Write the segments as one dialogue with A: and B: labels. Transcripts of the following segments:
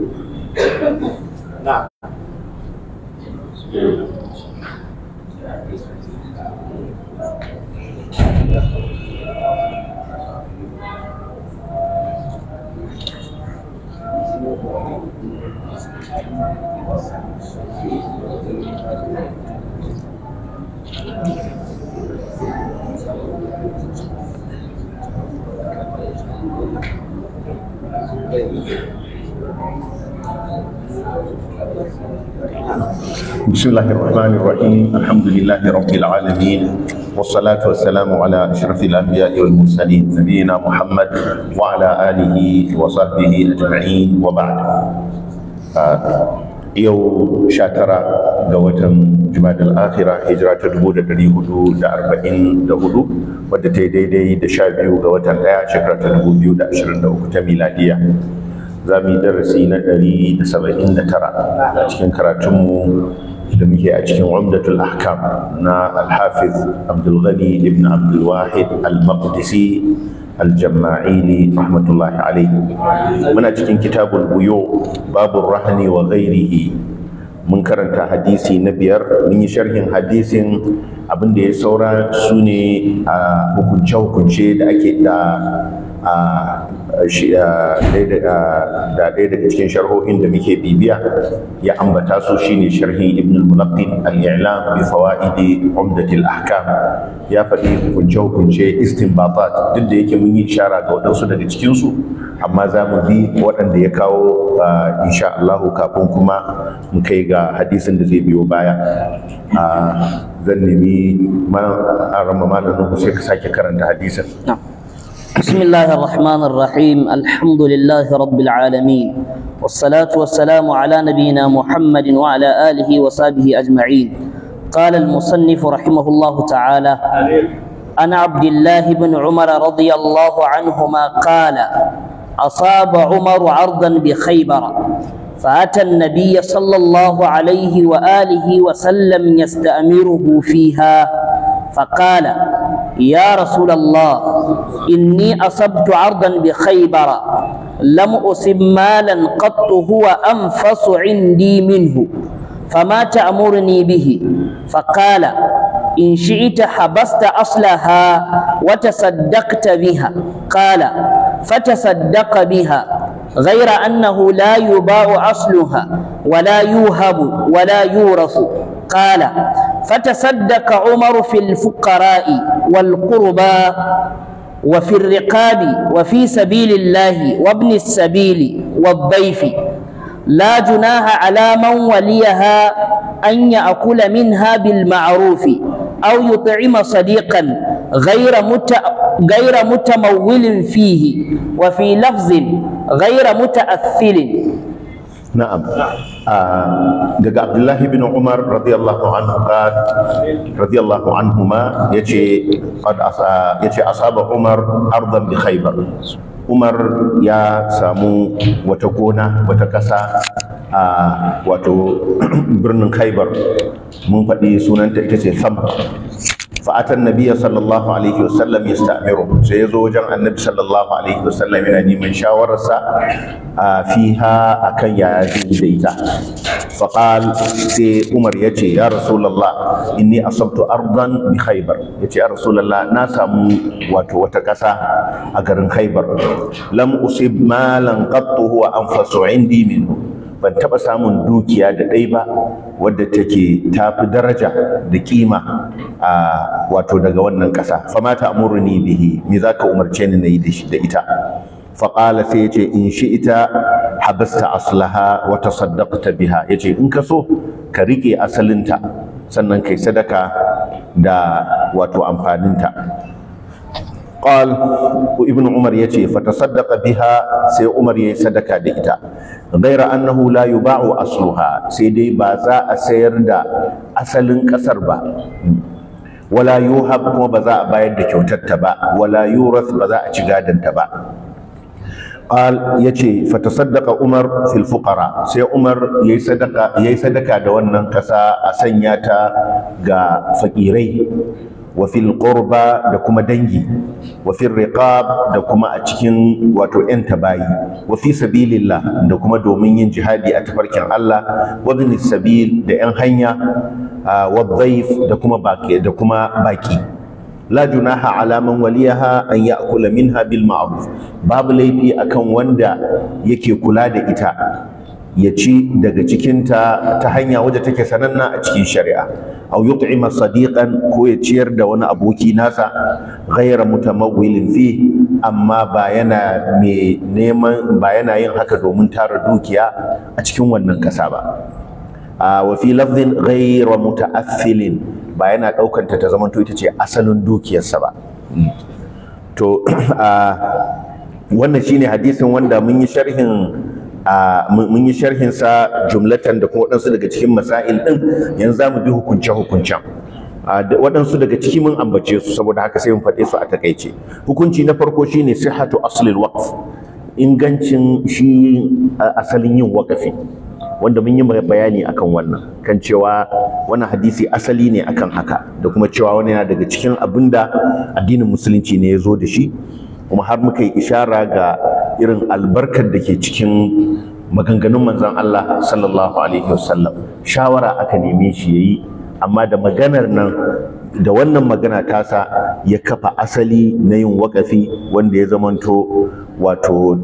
A: Nada.
B: Thank you. Bismillahirrahmanirrahim. Alhamdulillahirabbil alamin. Wassalatu wassalamu ala asyrafil lafiya wal mursalin nabiyyina Muhammad wa'ala alihi wa sahbihi ajma'in wa ba'd. Ah, yau shatara ga watan Jumada al-Akhira hijira ta dubu da ɗari hudu da arba'in da hudu wadda ta yi daidai da sha biyu ga watan ɗaya shekara ta dubu biyu da ashirin da uku ta miladiya. za mu yi darasi na ɗari da saba'in da tara a cikin karatunmu da muke a cikin umdatul ahkam na alhafiz abdulghani ibn abdulwahid al-maqdisi al-jamma'ini rahmatullahi alaihi muna cikin kitabul buyo babu rahani wa ghairihi mun karanta hadisi na biyar mun yi sharhin hadisin abin da ya saura su ne a hukunce-hukunce da ake da Ah, da ah, daga cikin sharhohin da muke bibiya ya ambata su shine sharhin ibn al-mulaqqin al-i'lam bi fawaidi umdat al-ahkam ya faɗi hukunce hukunce istinbatat duk da yake mun yi ishara ga wadansu daga cikin su amma za mu bi waɗanda ya kawo ah, insha Allah kafin kuma mu kai ga hadisin da zai biyo baya zan nemi malam arama malamin sai ka sake karanta hadisin
C: بسم الله الرحمن الرحيم الحمد لله رب العالمين والصلاة والسلام على نبينا محمد وعلى آله وصحبه أجمعين قال المصنف رحمه الله تعالى عن عبد الله بن عمر رضي الله عنهما قال أصاب عمر عرضا بخيبر فأتى النبي صلى الله عليه وآله وسلم يستأمره فيها فقال يا رسول الله إني أصبت عرضا بخيبر لم أصب مالا قط هو أنفس عندي منه فما تأمرني به فقال إن شئت حبست أصلها وتصدقت بها قال فتصدق بها غير أنه لا يباع أصلها ولا يوهب ولا يورث قال فتصدق عمر في الفقراء والقربى وفي الرقاب وفي سبيل الله وابن السبيل والضيف لا جناح على من وليها أن يأكل منها بالمعروف أو يطعم صديقا غير مت... غير متمول فيه وفي لفظ غير متأثل
B: na'am ah, daga abdullahi bin umar radiyallahu anhu qad radiyallahu anhuma yace qad yace asaba umar ardan bi khaybar umar ya samu wata gona wata kasa a wato birnin khaybar mun faɗi sunanta ita ce samar fa'atan nabiya sallallahu alaihi wasallam ya sta'miru sai ya zo wajen annabi sallallahu alaihi wasallam yana neman shawararsa a fiha akan ya yi ita faqal sai umar ya ce ya rasulullah inni asabtu ardan bi ya ce ya rasulullah na samu wato wata kasa a garin haibar. Lam'usai usib malan qattu huwa anfasu indi ban taba samun dukiya da dai ba wadda take tafi daraja da kima a wato daga wannan ƙasa fama ta amurni bihi me zaka umarce ni nayi da da ita faƙala sai yace in shi ita habasta aslaha wa tasaddaqta biha yace in ka so ka rike asalinta sannan kai sadaka da wato amfaninta qal ko ibn umar yace fa tasaddaqa biha sai umar yayi sadaka da ita ghaira annahu la yuba'u asluha sai dai ba za a sayar da asalin kasar ba wala yuhab kuma ba za a bayar da kyautar ta ba wala yurath ba za a ci gadon ta ba qal yace fa tasaddaqa umar fil fuqara sai umar yayi sadaka yayi sadaka da wannan kasa a sanya ta ga fakirai wa fil da kuma dangi Wafin fil riqab da kuma a cikin wato yan tabayi wa fi sabilillah da kuma domin yin jihadi a tafarkin Allah wa bin sabil da yan hanya wa dhaif da kuma baki da kuma baki la junaha ala man waliyaha an ya'kula minha bil ma'ruf babu laifi akan wanda yake kula da ita ya ci daga cikinta ta hanya wadda take sananna a cikin shari'a aw yut'ima sadiqan ko ya ciyar da wani aboki nasa ghayra mutamawwilin fi amma ba yana me neman ba yana yin haka domin tara dukiya a cikin wannan kasa ba wa fi lafzin ghayra muta'affilin ba yana ɗaukanta ta zamanto ita ce asalin dukiyarsa ba to wannan shine hadisin wanda mun yi sharhin mun yi sharhin sa jumlatan da kuma waɗansu daga cikin masa'il ɗin yanzu zamu mu bi hukunce-hukuncen waɗansu daga ciki mun ambace su saboda haka sai mun faɗe su a takaice hukunci na farko shine sihhatu aslil waqf ingancin shi asalin yin waqafi wanda mun yi bayani akan wannan kan cewa wannan hadisi asali ne akan haka da kuma cewa wani yana daga cikin abinda addinin musulunci ne ya zo da shi kuma har muka yi ishara ga irin albarkar da ke cikin maganganun manzon Allah sallallahu alaihi wasallam shawara aka neme shi yayi amma da maganar nan da wannan magana tasa ya kafa asali na yin wakafi wanda ya zamanto wato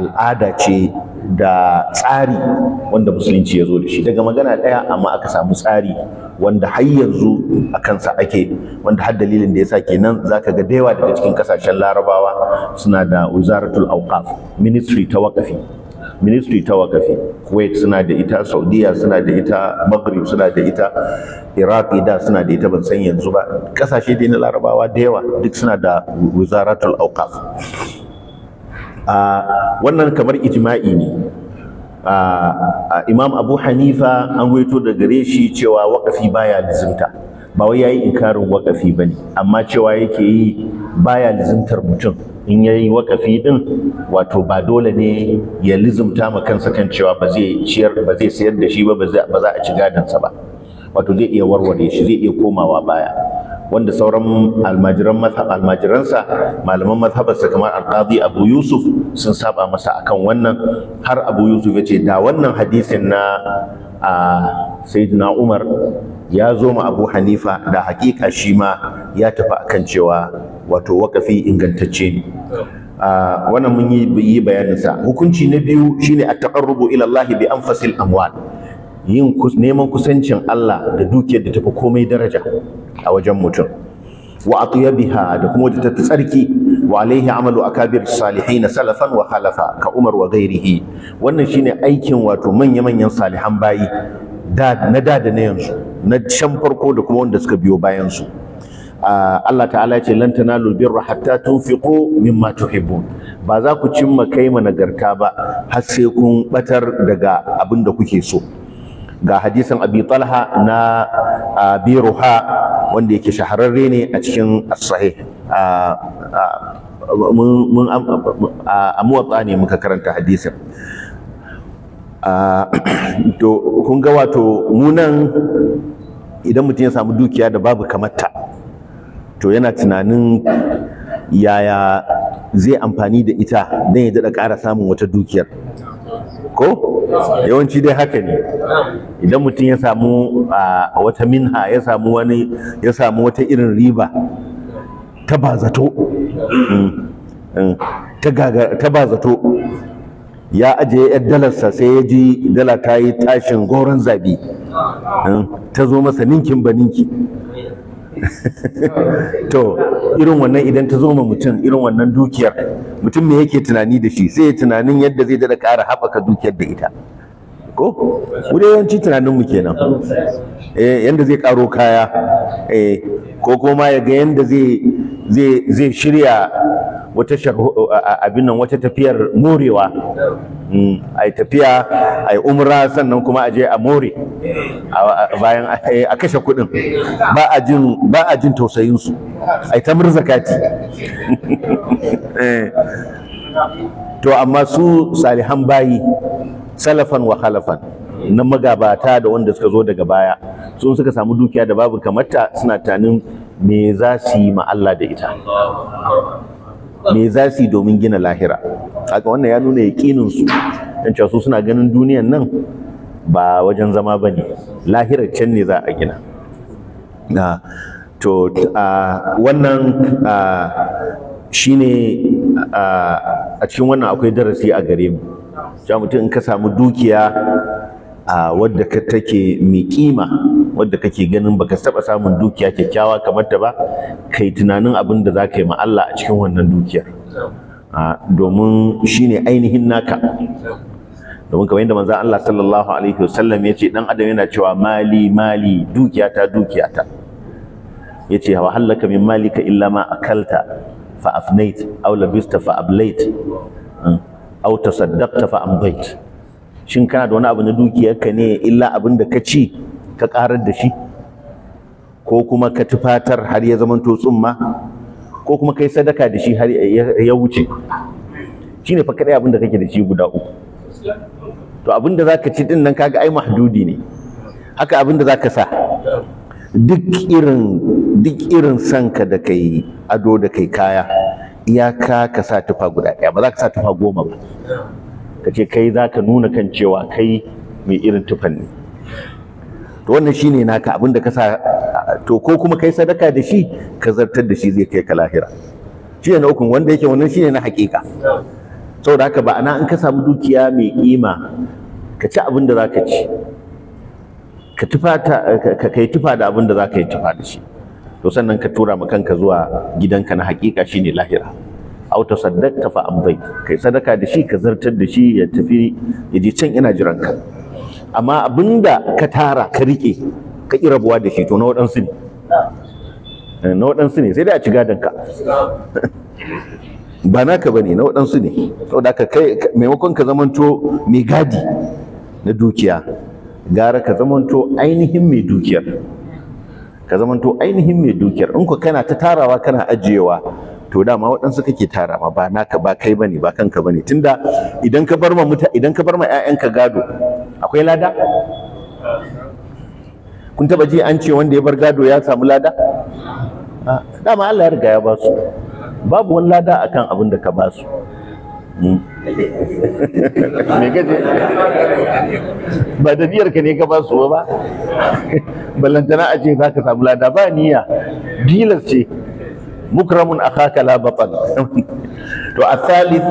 B: al'ada ce da tsari wanda musulunci ya zo da shi daga magana ɗaya amma aka samu tsari wanda har yanzu a kansa ake wanda har dalilin da ya sa kenan zaka ga da daga cikin kasashen larabawa suna da wuzaratul auqaf ministry ta wakafi ministry ta wakafi kuwait suna da ita saudiya suna da ita maghrib suna da ita iraq da suna da ita ban san yanzu ba kasashe dai na larabawa da yawa duk suna da wizaratul awqaf wannan kamar ijma'i ne imam abu hanifa an waito da gare shi cewa wakafi baya lizimta ba wai yayi inkarin wakafi bane amma cewa yake yi baya lizimtar mutum in ya yi wakafi din wato ba dole ne ya lizumta ma kansa kan cewa ba zai sayar da shi ba ba za a ci gadansa ba wato zai iya warware shi zai iya komawa baya wanda sauran almajiran almajiransa malaman mazhabarsa kamar alqadi abu yusuf sun saba masa akan wannan har abu yusuf ya ce da wannan hadisin na a sayyidina umar ya zo ma abu hanifa da hakika shi ma ya tafi akan cewa wato wakafi ingantacce ne oh. ah, wannan mun yi bayaninsa hukunci na biyu shine at-taqarrubu ila Allah bi anfasil amwal yin neman kusancin Allah da dukiyar da tafi komai daraja a wajen mutum wa atyabiha da kuma da ta tsarki wa alaihi amalu akabir salihin salafan wa khalafa ka Umar wa ghairihi wannan shine aikin wato manya manyan salihan bayi da na da da na yanzu na can farko da kuma wanda suka biyo bayan su Ah, Allah ta'ala ya ce lan tanalul birra hatta tunfiqu mimma tuhibbun ba za ku cimma kai ma nagarta ba har sai kun batar daga abin da kuke so ga hadisin Abi Talha na Abi ah, Ruha wanda yake shahararre ne a cikin as-sahih ah, mun a muwatsa ne muka karanta hadisin to kun ga wato mu nan idan mutum ya samu dukiya da babu kamata to yana tunanin yaya zai amfani da ita don ya daɗa ƙara samun wata dukiyar ko yawanci dai haka ne idan mutum ya samu a wata minha ya samu wani ya samu wata irin riba ta ba zato mm, mm, ta ba ya ajiye yar dalarsa sai ya ji dala ta yi tashin goron zabi mm, ta zo masa ninkin ba ninki to irin wannan idan ta zo ma mutum irin wannan dukiyar mutum me yake tunani da shi sai ya tunanin yadda zai dada ƙara haɓaka dukiyar da ita ko wuri yawanci tunanin mu kenan eh yanda zai karo kaya eh ko kuma ya ga yanda zai zai zai shirya wata abin nan wata tafiyar morewa a tafiya a yi umra sannan kuma aje a more bayan eh, a kashe kuɗin ba a jin tausayinsu a yi ta murzakati eh. to amma su salihan bayi salafan wa khalafan na magabata da wanda suka zo daga baya sun suka samu dukiya da babu kamarta suna tanin me za su yi ma Allah da ita me za su domin gina lahira haka wannan ya nuna yaƙinin su dan su suna ganin duniyan nan ba wajen zama ba ne Lahira can ne za a gina na to wannan ne a cikin wannan akwai darasi a gare mu ja mutum in ka samu dukiya wadda ka take mai kima wadda kake ganin baka taba samun dukiya kyakkyawa kamar ta ba kai tunanin abin da za ka yi ma Allah a cikin wannan dukiyar domin shine ainihin naka domin kamar yadda manzon Allah sallallahu alaihi wasallam ya ce dan adam yana cewa mali mali dukiya dukiya ta. ya ce wa halaka min malika illa ma akalta fa afnait aw labista fa ablait hmm, aw tasaddaqta fa amdait shin kana da wani abu na dukiyarka ne illa abin da ka ci ka karar da shi ko kuma ka tufatar har ya zamanto tsumma ko kuma kai sadaka da shi har ya wuce shi ne fa kaɗai abin da kake da shi guda
A: uku
B: to abin da za ka ci dinnan nan kaga ai mahdudi ne haka abin da za ka sa duk irin duk irin sanka da kai ado da kai kaya iyaka ka sa tufa guda ɗaya ba za ka sa tufa goma ba ka ce kai za ka nuna kan cewa kai mai irin tufan ne to wannan shine naka abin da ka sa to ko kuma kai sadaka da shi ka zartar da shi zai kai ka lahira shine na ukun wanda yake wannan shine na hakika saboda haka ba ana in ka samu dukiya mai kima ka ci abin da zaka ci ka tufata ka kai tufa da abin da zaka yi tufa da shi to sannan ka tura ma kanka zuwa gidanka na hakika shine lahira aw tasaddaqta fa amdai kai sadaka da shi ka zartar da shi ya tafi ya je can ina jiranka amma abinda ka tara ka rike ka ƙi rabuwa da shi to na waɗansu ne eh, na waɗansu ne sai dai a ci gadonka ba naka bane na waɗansu ne saboda ka kai maimakon ka zamanto mai gadi na dukiya gara ka zamanto ainihin mai dukiyar ka zamanto ainihin mai dukiyar in ku kana ta tarawa kana ajiyewa to dama waɗansu kake tara ma ba naka ba kai bane ba kanka bane tunda idan ka bar ma idan ka bar ma ƴaƴanka gado akwai lada kun taba ji an ce wanda ya bar gado ya samu lada ah, dama Allah ya riga ya ba su babu wani lada akan abin da ka ba su hmm. ba da biyar ka ne ka ba su ba ballantana a ce za ka samu lada ba niya, dilas ce mukramun akhaka la batan to a thalith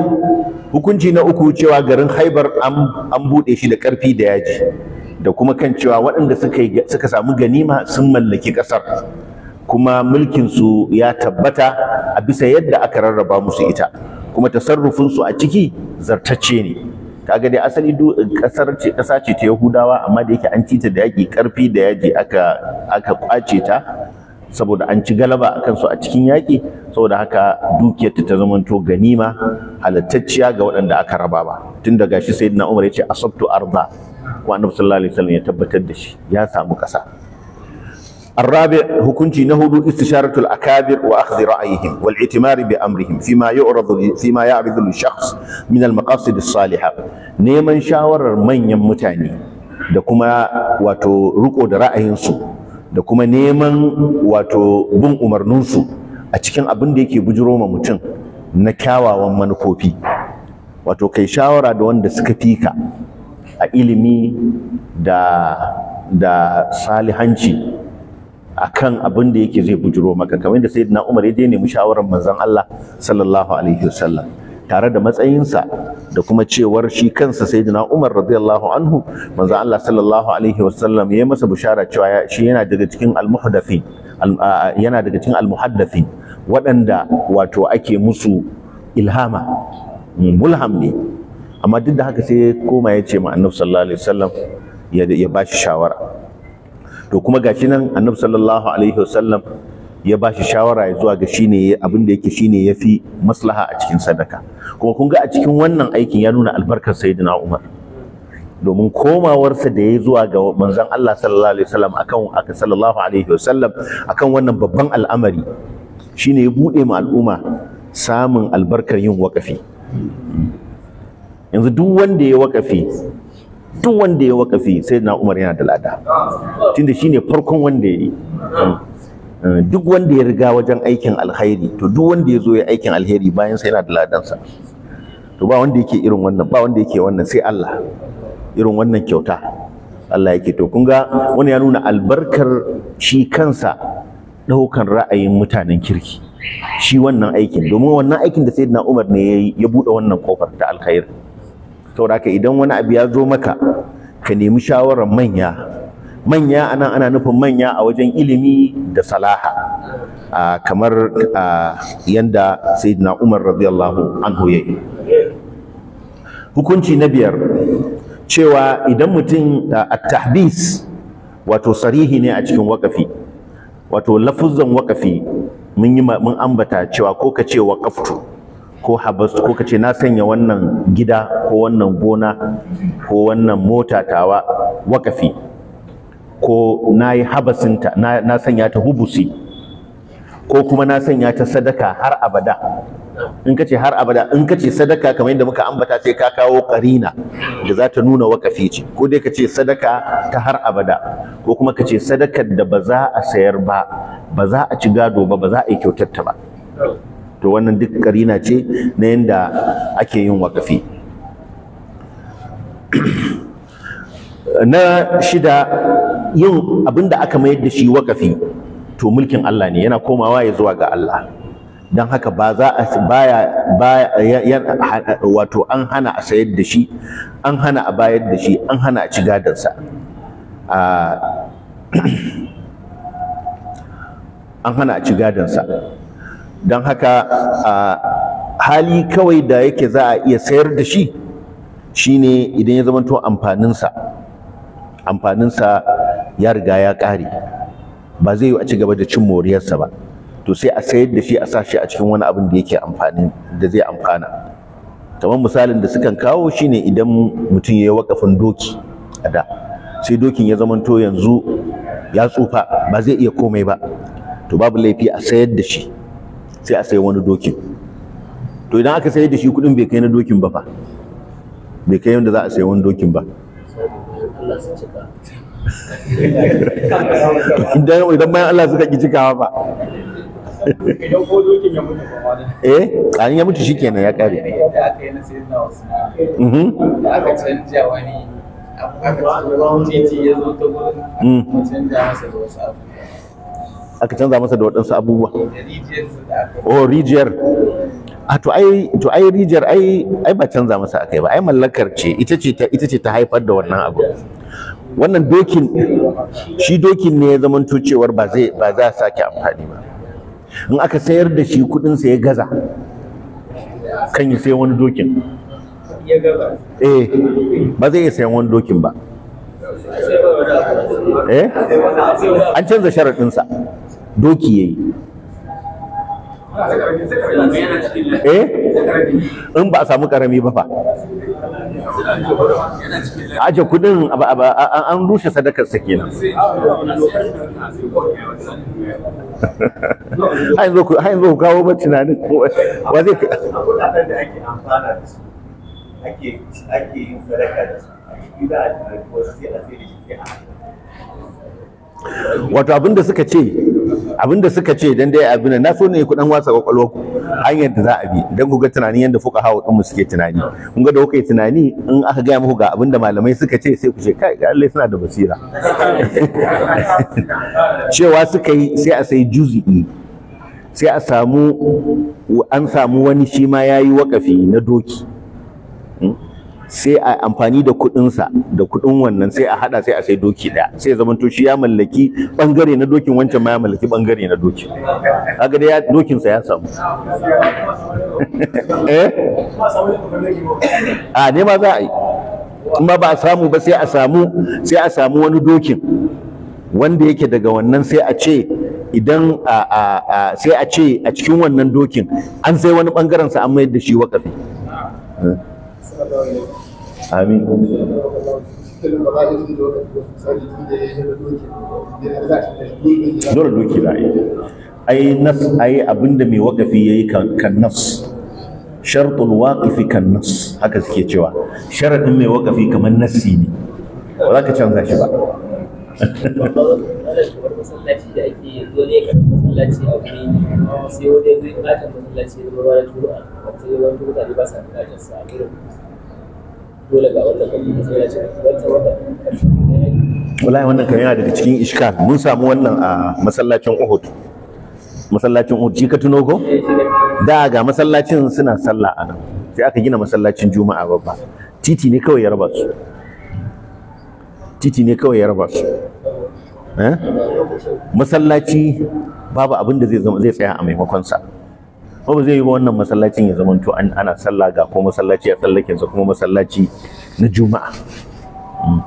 B: hukunci na uku cewa garin haibar an buɗe shi da ƙarfi da yaji da kuma kan cewa waɗanda suka samu ganima sun mallaki ƙasar kuma mulkinsu ya tabbata a bisa yadda aka rarraba musu ita kuma tasarrufinsu a ciki zartacce ne kaga dai asali ƙasar ce ƙasa ce ta yahudawa amma da yake an cita da yaƙi ƙarfi da yaji aka aka ƙwace ta saboda an ci galaba a kansu a cikin yaƙi saboda haka dukiyarta ta zamanto ganima halattacciya ga waɗanda aka raba ba tun shi gashi na Umar ya ce asabtu arda ko annabi sallallahu alaihi wasallam ya tabbatar da shi ya samu ƙasa الرابع hukunci na hudu الأكابر akabir wa والاعتمار ra'ayihim wal i'timari bi amrihim fima من المقاصد الصالحة li شاور min al دكما as salihah neman shawarar manyan mutane da wato riko da ra'ayinsu da kuma neman wato bin umarninsu a cikin abin da yake bujiro ma mutum na kyawawan manufofi wato kai shawara da wanda suka fika a ilimi da da salihanci kan abin da yake zai bujiro maka kamar yadda na Umar ya je nemi shawarar manzon Allah sallallahu alaihi wasallam tare da matsayinsa da kuma cewar shi kansa sayyidina Umar radiyallahu anhu manzo Allah sallallahu alaihi wasallam ya masa bushara cewa shi yana daga cikin almuhdathin yana daga cikin almuhaddathin waɗanda wato ake musu ilhama mulham ne amma duk da haka sai koma ya ce ma annabi sallallahu alaihi wasallam ya ya bashi shawara to kuma gashi nan annabi sallallahu alaihi wasallam ya bashi shawara ya zuwa ga shine abin da yake shine yafi maslaha a cikin sadaka kuma kun ga a cikin wannan aikin ya nuna albarkar sayyidina Umar domin komawarsa da ya zuwa ga manzon Allah sallallahu alaihi wasallam akan aka sallallahu alaihi wasallam akan wannan babban al'amari shine ya bude ma al'umma samun albarkar yin wakafi yanzu duk wanda ya wakafi duk wanda ya wakafi sayyidina Umar yana da lada tunda shine farkon wanda ya yi duk wanda ya riga wajen aikin alkhairi to duk wanda ya zo ya aikin alheri bayan sai yana da ladansa to ba wanda yake irin wannan ba wanda yake wannan sai Allah irin wannan kyauta Allah yake to kun ga wani ya nuna albarkar shi kansa ɗaukan ra'ayin mutanen kirki shi wannan aikin domin wannan aikin da sayyidina Umar ne ya ya buɗe wannan kofar ta alkhair saboda idan wani abu ya zo maka ka nemi shawarar manya manya anan ana nufin manya a wajen ilimi da salaha ah, kamar ah, yanda sayyidina Umar radiyallahu anhu yayi hukunci na biyar cewa idan mutum a tahbis wato sarihi ne a cikin wakafi wato lafuzan wakafi mun yi mun ambata cewa ko ka ce waqaftu ko habas ko ka ce na sanya wannan gida ko wannan gona ko wannan mota tawa wakafi ko na yi habasinta na sanya ta hubusi ko kuma na sanya ta sadaka har abada in ka ce har abada in ka ce sadaka kamar yadda muka ambata sai ka kawo karina da za ta nuna wakafi ce ko dai ka ce sadaka ta har abada ko kuma ka ce sadakar da ba za a sayar ba ba za a ci gado ba ba za a yi kyautar ta ba to wannan duk karina ce na yadda ake yin wakafi na shida yin abinda aka mayar da shi wakafi to mulkin Allah ne yana komawa ya zuwa ga Allah don haka ba za a baya baya wato an hana a sayar da shi an hana a bayar da shi an hana a ci gadonsa. an hana a ci gadonsa. don haka hali kawai da yake za a iya sayar da shi shine idan ya zamanto amfaninsa amfaninsa ya riga ya ƙare ba zai yi a ci gaba da cin moriyarsa ba to sai a sayar da shi a sa shi a cikin wani abin da yake amfani da zai amfana kamar misalin da sukan kawo shine idan mutum ya yi wakafin doki a da sai dokin ya zamanto yanzu ya tsufa ba zai iya komai ba to babu laifi a sayar da shi sai a sayi wani dokin to idan aka sayar da shi kudin bai kai na dokin ba fa bai kai yadda za a sayi wani dokin ba idan bayan Allah suka ki cikawa ba idan
A: ko dokin ya mutu
B: eh an ya mutu shikenan ya kare da
A: aka yi na sayyidina Usman mhm. da aka canja wani titi ya zo ta gurin mm. canja masa da wasu
B: aka canza masa da waɗansu abubuwa
A: oh rijiyar
B: a ah, to ai to ai rijiyar ai ai ba canza masa akai ba ai mallakar ce ita ce ta ita ce ta haifar da wannan abu wannan dokin shi dokin ne ya zamanto cewar ba za a sake amfani ba in aka sayar da shi kudin sa ya gaza kan yi sayan wani dokin eh ba zai iya sayan wani dokin ba
A: eh an
B: canza sharaɗinsa doki ya yi.
A: eh
B: in ba a samu karami ba fa aje kudin an rushe sadakar sa kenan Hain zo kawo ba tunanin wa zai ake yin sadaka da su a cikin wasu sai a shi wato abinda suka ce abinda suka ce dan dai abin na so ne ku dan wasa kwakwalwa ku hanyar da za a bi dan ku ga tunanin yanda fuka hawa din mu suke tunani kun ga da kuka yi tunani in aka ga muku ga abinda malamai suka ce sai ku ce kai ga Allah suna da basira cewa suka yi sai a sai juzi'i sai a samu an samu wani shi ma yayi wakafi na doki sai a amfani da kuɗinsa da kuɗin wannan sai a haɗa sai a sai doki ɗaya sai zaman to shi ya mallaki ɓangare na dokin wancan ma ya mallaki ɓangare na doki kaga dai dokinsa ya samu eh a ne ma za a yi kuma ba a samu ba sai a samu sai a samu wani dokin wanda yake daga wannan sai a ce idan sai a ce a cikin wannan dokin an sai wani ɓangaren sa an mayar da shi waƙafi eh? amin dole doki za a yi ai nas ai abinda mai wakafi yayi kan nas shartul waqifi kan nas haka suke cewa sharadin mai wakafi kamar nasi ne ba za ka canza shi ba masallaci dole wannan wallahi wannan kan yana daga cikin iskal mun samu wannan a masallacin Uhud masallacin Uhud ji ka tuno ko eh, da ga masallacin suna sallah a nan sai aka gina masallacin Juma'a babba titi ne kawai ya raba su titi ne kawai ya raba su eh? masallaci babu abin da zai tsaya a maimakon sa ko ba zai yi ba wannan masallacin ya zama to ana sallah ga ko masallaci a tsallakin sa kuma masallaci na juma'a hmm.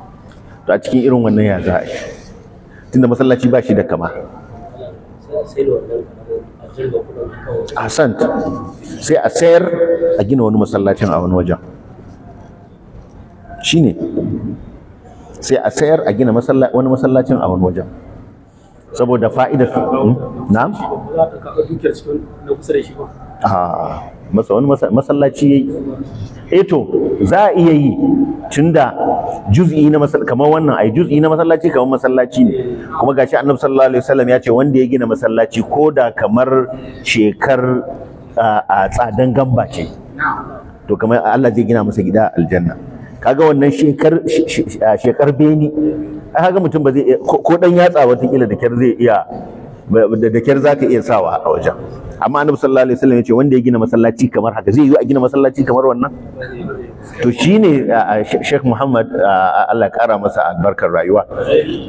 B: to a cikin irin wannan ya za a yi tunda masallaci ba shi da kama sant sai a sayar a gina wani masallacin a wani wajen shine sai a sayar a gina wani masallacin a wani wajen saboda fa'idar na masa wani masallaci yayi eto eh za a iya yi tunda juz'i na masallaci kamar wannan ai juz'i na masallaci kamar masallaci ne kuma gashi annabi sallallahu alaihi wasallam ya ce wanda ya gina masallaci ko da kamar shekar a tsadan gamba ce to kamar Allah zai gina masa gida aljanna kaga wannan shekar shekar beni ai haka mutum ba zai ko dan yatsa watakila da kyar zai iya da kyar za iya sawa a wajen amma annabi sallallahu alaihi wasallam yace wanda ya gina masallaci kamar haka zai yi a gina masallaci kamar wannan to shine Sheikh Muhammad Allah kara masa albarkar rayuwa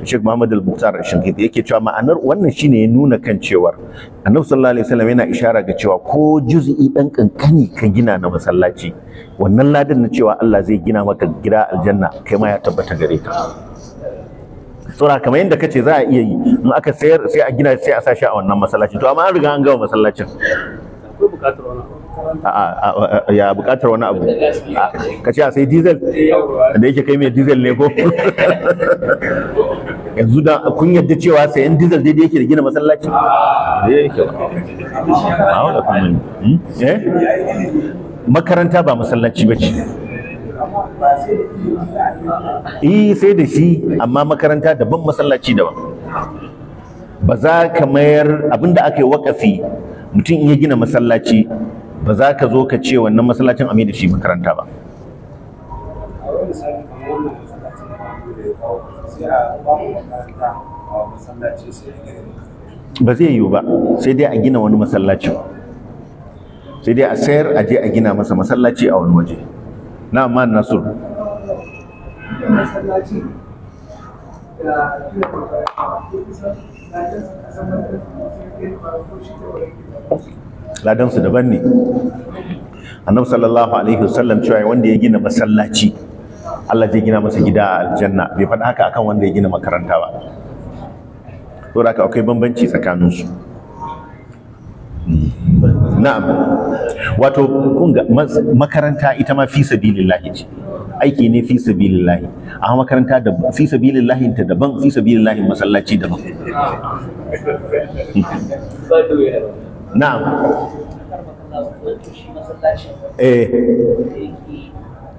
B: Sheikh Muhammad Al-Muqtar Shinkiti yake cewa ma'anar wannan shine ya nuna kan cewar annabi sallallahu alaihi wasallam yana ishara ga cewa ko juz'i dan kankani ka gina na masallaci wannan ladan na cewa Allah zai gina maka gida aljanna kai ma ya tabbata gare ka saboda kamar yadda kace za a iya yi in aka sayar sai a gina sai a sashi a wannan masallacin to amma an riga an gama masallacin ya bukatar wani abu ka ce a sai diesel da yake kai mai diesel ne ko yanzu da kun yadda cewa sayan diesel daidai yake da gina masallaci hmm? eh? makaranta ba masallaci ba ce yi eh, sai da shi amma makaranta daban masallaci daban ba za ka mayar abinda aka yi wakafi mutum in ya gina masallaci ba za ka zo ka ce wannan masallacin a da shi makaranta ba ba zai yiwu ba sai dai a gina wani masallaci sai dai a sayar a je a gina masa masallaci a wani waje na amma nasur ladansu daban ne annabi sallallahu alaihi wasallam cewa wanda ya gina masallaci Allah zai gina masa gida a aljanna bai faɗa haka akan wanda ya gina makaranta ba saboda haka akwai bambanci tsakaninsu na'am wato kunga makaranta ita ma fi sabilillahi ce aiki ne fi sabilillahi a makaranta da fi sabilillahi ta daban fi sabilillahi masallaci daban na'am eh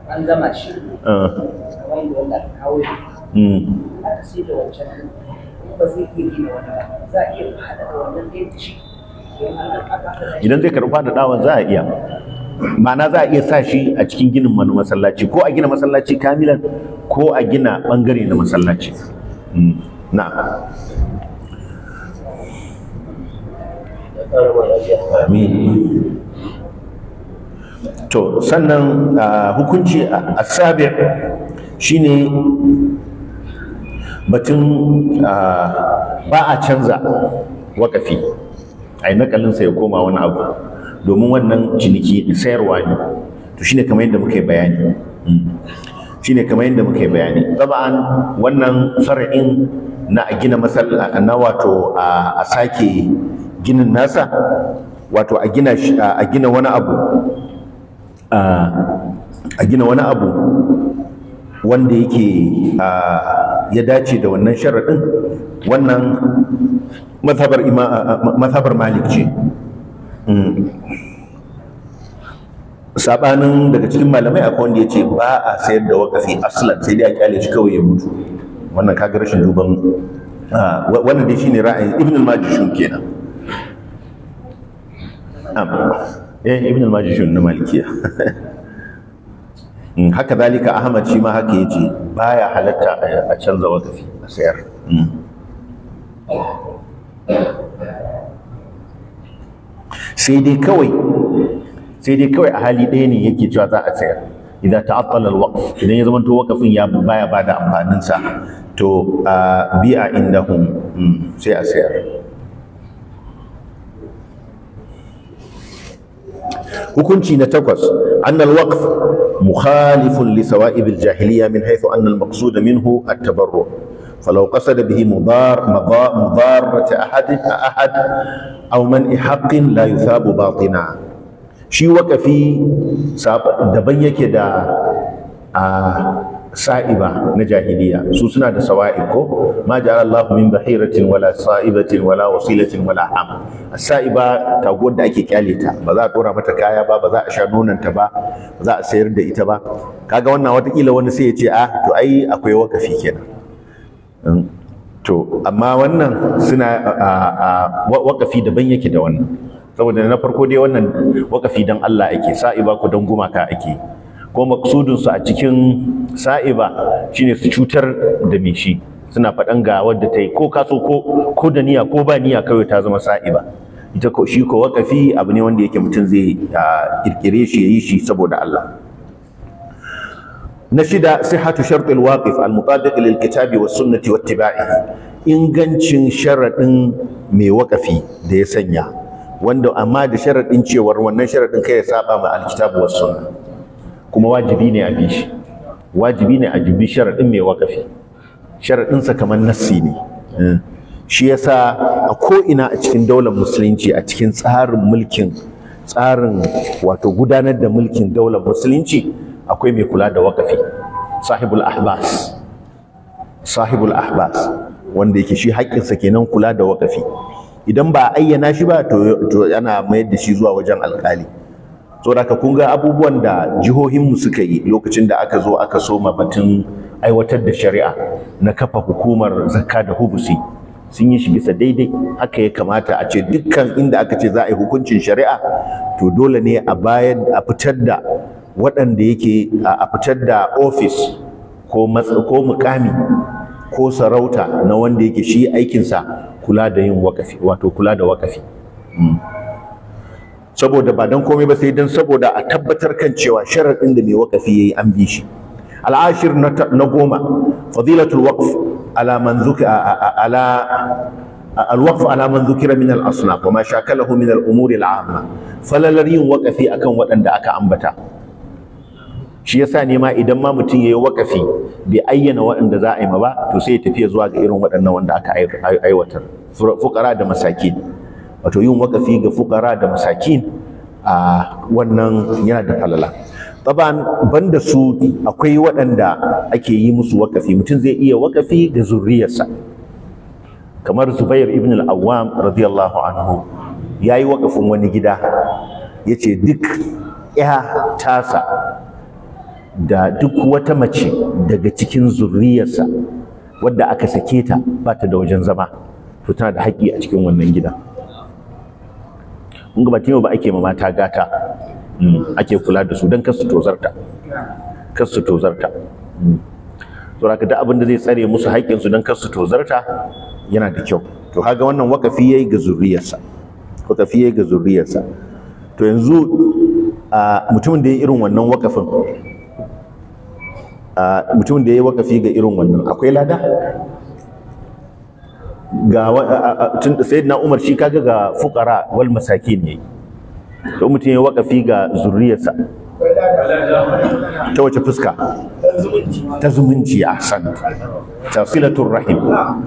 C: an shi wanda aka ba zai iya gina wani ba za a iya da wannan
B: idan zai karɓi faɗaɗawan za a iya ma'ana za a iya sa shi a cikin ginin wani masallaci ko a gina masallaci kamilan ko a gina ɓangare na masallaci hmm, na to sannan hukunci a sabi shine batun ba a canza wakafi a yi nakalinsa ya koma wani abu domin wannan ciniki sayarwa ne to shine kamar yadda muka yi bayani mm. shine kamar yadda muka yi bayani taba'an wannan fara'in na a gina masallaci na wato a sake ginin nasa wato a gina a gina wani abu a gina wani abu wanda yake ya dace da wannan sharaɗin wannan mazhabar malik ce hmm. sabanin daga cikin malamai akwai wanda ya ce ba a sayar da wakafi aslan sai dai a kyale shi kawai ya mutu wannan kaga rashin duban wannan dai shine ra'ayin ibn al-majishun kenan eh ibn al-majishun na malikiya Mm. haka zalika ahmad shi ma haka ya ce baya halatta a canza wakafi a sayar mm. sai dai kawai sai dai kawai a hali ɗaya ne yake cewa za a sayar idan ta'attala alwaqf idan ya zamanto wakafin ya baya bada amfanin sa to a a inda mm, sai a sayar hukunci na takwas annal waqf mukhalifun li sawa'ibil jahiliya min haythu anna al maqsud minhu at tabarru فلو قصد به مضار مضارة أحد أحد أو منع حق لا يثاب باطنا شي وكفي ساب دبن يكي دا آه sa'iba na jahiliya su suna da sawa'i ko ma ja'ala Allahu min bahiratin wala sa'ibatin wala wasilatin wala am sa'iba ta da ake kyale ta ba za a dora mata kaya ba ba za a sha nonon ta ba ba za a sayar da ita ba kaga wannan watakila wani sai ya ce ah to ai akwai wakafi kenan hmm. to amma wannan suna wakafi daban yake da wannan saboda na farko dai wannan wakafi dan Allah ake sa'iba ku dan gumaka ake ko maksudinsu a cikin sa'iba shine su cutar da mai suna faɗan ga wadda ta yi ko kaso ko da niyya ko ba niyya kawai ta zama sa'iba ita ko shi ko wakafi abu ne wanda yake mutum zai kirkire shi ya yi shi saboda Allah na shida sihatu shartil waqif al mutadiq lil kitabi was sunnati tibaihi ingancin sharadin mai wakafi da ya sanya wanda amma da sharadin cewar wannan sharadin kai ya saba ma alkitabu was sunnah kuma wajibi ne a bi shi wajibi ne a jibi sharaɗin mai waƙafi sharaɗinsa kamar nassi ne eh. shi yasa a ko'ina a cikin daular musulunci a cikin tsarin mulkin tsarin wato gudanar da mulkin daular musulunci akwai mai kula da wakafi sahibul ahbas sahibul ahbas wanda yake shi haƙƙinsa kenan kula da wakafi idan ba a ayyana shi ba to ana mayar da shi zuwa wajen alƙali saboda kun ga abubuwan da jihohinmu suka yi lokacin da aka zo aka soma batun aiwatar da shari'a na kafa hukumar zakka da hubusi sun yi shi bisa daidai haka ya kamata a ce dukkan inda aka ce za a yi hukuncin shari'a to dole ne a bayar a fitar da waɗanda yake a fitar da ofis ko ko mukami ko sarauta na wanda yake shi aikinsa kula da yin wakafi wato kula da wakafi hmm. saboda ba dan komai ba sai dan saboda a tabbatar kan cewa sharadin da mai wakafi yayi an bi shi al'ashir na goma fadilatul waqf ala man ala الوقف على من ذكر من الأصناف وما شاكله من الأمور العامة فلا لرين وقفي أكن ودن دا أكا أنبتا shi yasa ne ma idan ma mutum ya yi wakafi bai ayyana waɗanda za a yi ma ba to sai ya tafiya zuwa ga irin waɗannan wanda aka aiwatar fukara da masakin wato yin wakafi ga fukara da masakin a wannan yana da falala taban banda su akwai waɗanda ake yi musu wakafi mutum zai iya wakafi ga zurriyarsa kamar zubair ibn al-awwam radiyallahu anhu ya yi wakafin wani gida ya ce duk ya tasa da duk wata mace daga cikin zurriyarsa wadda aka sake ta ba ta da wajen zama to tana da haƙƙi a cikin wannan gidan in ba yau ba ake ma mata gata hmm, ake kula da su don kar su tozarta kar su tozarta hmm. to haka da abin da zai tsare musu haƙƙin su don kar su tozarta yana da kyau to kaga wannan wakafi yayi ga zuriyarsa wakafi yayi ga zuriyarsa to yanzu mutumin da ya irin wannan wakafin mutumin da ya yi wakafi ga irin wannan akwai lada ga sayyidina Umar shi kaga ga fukara wal masakin ne. to mutum ya wakafi ga zuriyarsa ta wace fuska ta zumunci a san ta silatul rahim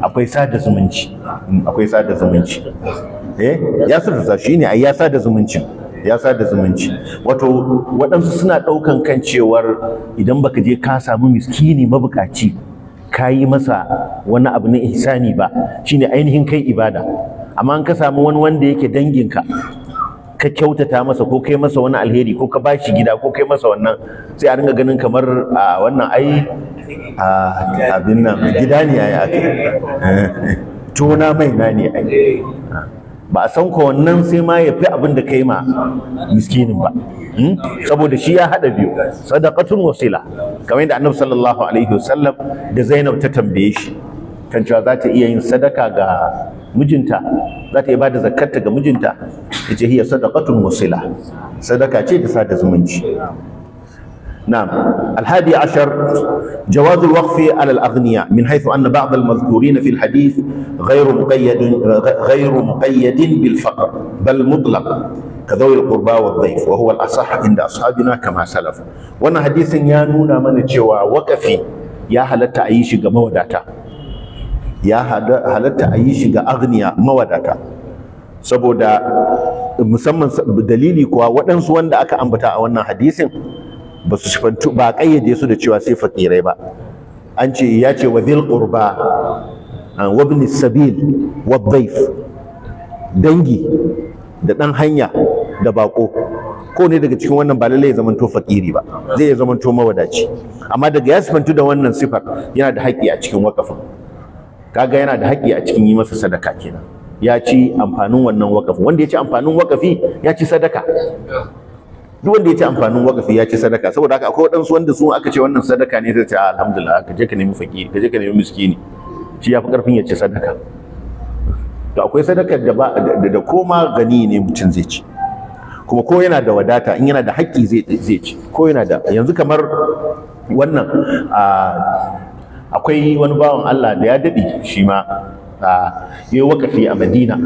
B: akwai sada zumunci mm, akwai sada zumunci eh ya sirrata shi ne ai ya sada zumunci. ya sada zumunci wato waɗansu suna ɗaukan kan cewar idan baka je ka samu miskini mabukaci ka yi masa wani abu na ihsani ba shine ainihin kai ibada amma an ka samu wani wanda yake danginka ka kyautata masa ko kai masa wani alheri ko ka bashi gida ko kai masa wannan sai a ringa ganin kamar a wannan ai abin nan gida ne ai aka tona mai na ne ai ba a san kowannan sai ma ya fi abin da kai ma miskinin ba hmm? saboda shi ya haɗa biyu sadaqatun wasila kamar yadda annabi sallallahu alaihi wasallam da Zainab ta tambaye shi kan cewa za ta iya yin sadaka ga mijinta za ta iya bada zakarta ga mijinta yace hiya sadaqatun wasila sadaka ce ta sada zumunci نعم الحادي عشر جواز الوقف على الأغنياء من حيث أن بعض المذكورين في الحديث غير مقيد غير مقيد بالفقر بل مطلق كذوي القربى والضيف وهو الأصح عند أصحابنا كما سلف وأن حديث يا نونا من جوا وقفي يا هل تعيش جمودك يا هل تعيش أغنياء مودك سبودا مسمى dalili kuwa waɗansu wanda aka حديث ba su sifantu ba kayyade su da cewa sai fakirai ba an ce ya ce wa dhil qurba wa ibn sabil wa dhaif dangi da dan hanya da bako ko ne daga cikin wannan ba lallai ya zamanto fakiri ba zai ya zamanto mawadaci amma daga ya sifantu da wannan sifar yana da haƙƙi a cikin wakafin kaga yana da haƙƙi a cikin yi masa sadaka kenan ya ci amfanin wannan wakafi. wanda ya ci amfanin wakafi ya ci sadaka duk wanda ya ci amfanin wakafi ya ci sadaka saboda haka akwai waɗansu wanda su aka ce wannan sadaka ne zai ce ah, alhamdulillah ka je ka nemi fakiri ka je ka nemi miskini shi fi ƙarfin ya ci sadaka to akwai sadaka da ba da koma gani ne mutum zai ci kuma ko yana da wadata in yana da haƙƙi zai zai ci ko yana da yanzu kamar wannan akwai wani bawan Allah da ya daɗe shi ma ya yi wakafi a Madina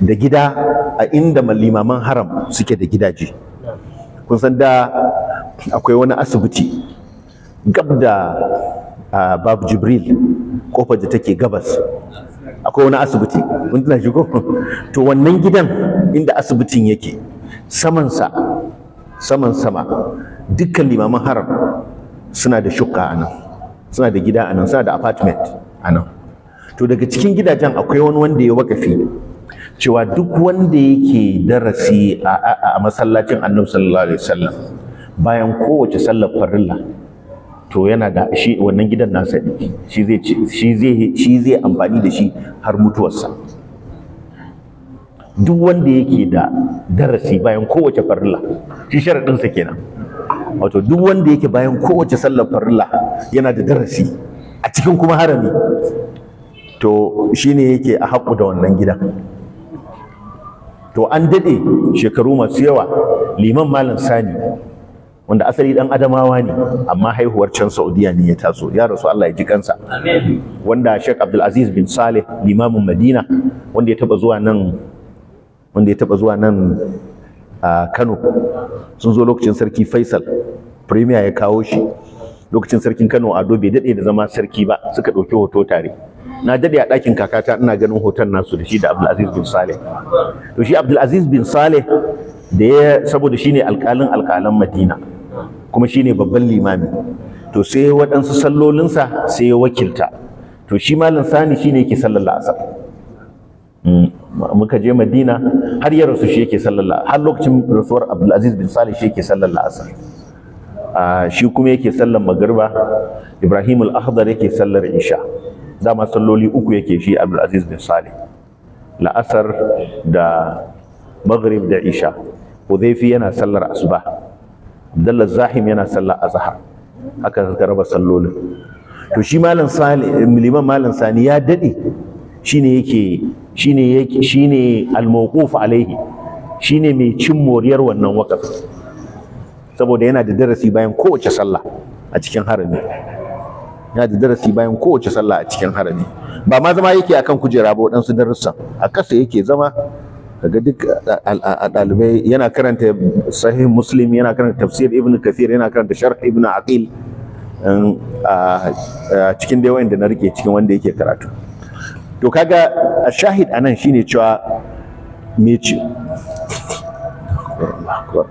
B: da gida a inda limaman haram suke da gidaje kun san da akwai wani asibiti gab da babu jibril kofar da take gabas akwai wani asibiti mun tana shigo to wannan gidan inda asibitin yake samansa saman sama dukkan limaman haram suna da shukka a nan suna da gida a nan suna da apartment a nan to daga cikin gidajen akwai wani wanda ya wakafi cewa duk wanda yake darasi a masallacin annabi sallallahu alaihi wasallam bayan kowace sallar farilla to yana da shi wannan gidan nasa shi zai shi zai shi zai amfani da shi har mutuwarsa duk wanda yake da darasi bayan kowace farilla shi sharadin sa kenan wato duk wanda yake bayan kowace sallar farilla yana da darasi a cikin kuma harami to shine yake a haƙu da wannan gidan to an daɗe shekaru masu yawa liman malam sani wanda asali dan adamawa ne amma haihuwar can saudiya ne ya taso ya rasu Allah ya ji kansa wanda Sheikh Abdul bin Saleh limamin Madina wanda ya taba zuwa nan wanda ya taba zuwa nan a Kano sun zo lokacin sarki Faisal premier ya kawo shi lokacin sarkin Kano Ado bai daɗe da zama sarki ba suka ɗauki hoto tare na dade a ɗakin kakata ina ganin hoton nasu da shi da Abdulaziz bin Saleh to shi Abdulaziz bin Saleh da ya saboda shine alƙalin alƙalan Madina kuma shine babban limami to sai waɗansu sallolinsa sai ya wakilta to shi malam Sani shine yake sallar la'asar mm, muka je Madina har ya rasu shi yake sallar la'asar har lokacin rasuwar Abdulaziz bin Saleh shi yake sallar la'asar ah, shi kuma yake sallar magriba Ibrahim al-Akhdar yake sallar isha dama salloli uku yake shi abdulaziz bin salih la'asar da maghrib da isha hudhaifi yana sallar asuba abdullah zahim yana sallar azhar haka suka raba sallolin to shi malam salim liman malam sani ya dade shine yake shine yake shine al-mawquf alaihi shine mai cin moriyar wannan wakaf saboda yana da darasi bayan kowace sallah a cikin harami yana da darasi bayan kowace sallah a cikin harami ba ma zama yake akan kujera ba waɗansu darussan a kasa yake zama kaga duk ɗalibai yana karanta sahih muslim yana karanta tafsir ibn kathir yana karanta sharh ibn aqil um, a cikin dai wanda na rike cikin wanda yake karatu to kaga a shahid anan shine cewa me akbar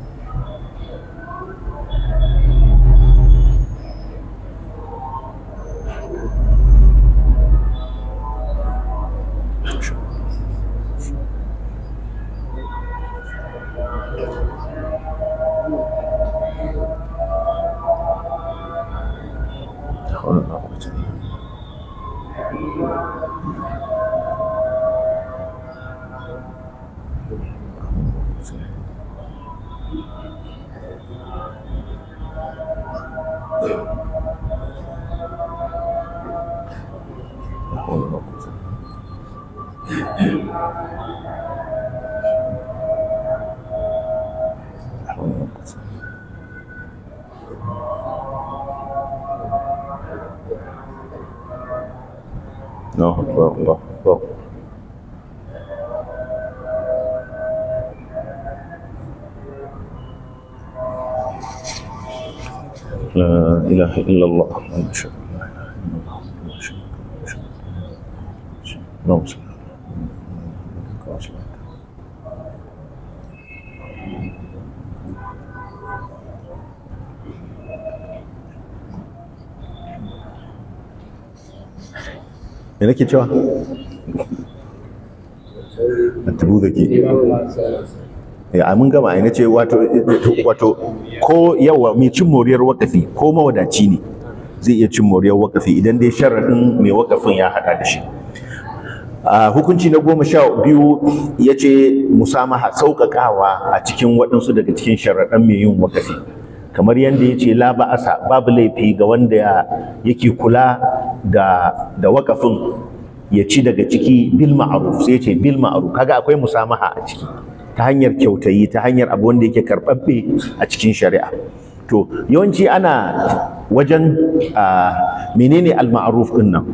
B: الله أكبر الله أكبر
A: لا إله إلا الله ما شاء الله اللهم صل
B: me nake cewa a tubu da ke ya eh, amin gama yana ce wato ko yawa mai cin moriyar wakafi ko mawadaci ne zai iya cin moriyar wakafi idan dai sharaɗin mai wakafin ya haɗa da shi a hukunci na goma sha biyu ya ce musamaha sauƙaƙawa a cikin waɗansu daga cikin sharaɗan mai yin wakafi kamar yadda ya ce la ba'asa babu laifi ga wanda yake kula da da wakafin ya ci daga ciki bil ma'ruf sai ce bil ma'aruf kaga akwai musamaha a ciki ta hanyar kyautayi ta hanyar abu wanda yake karɓaɓɓe a cikin shari'a to yawanci ana wajen menene al maaruf din nan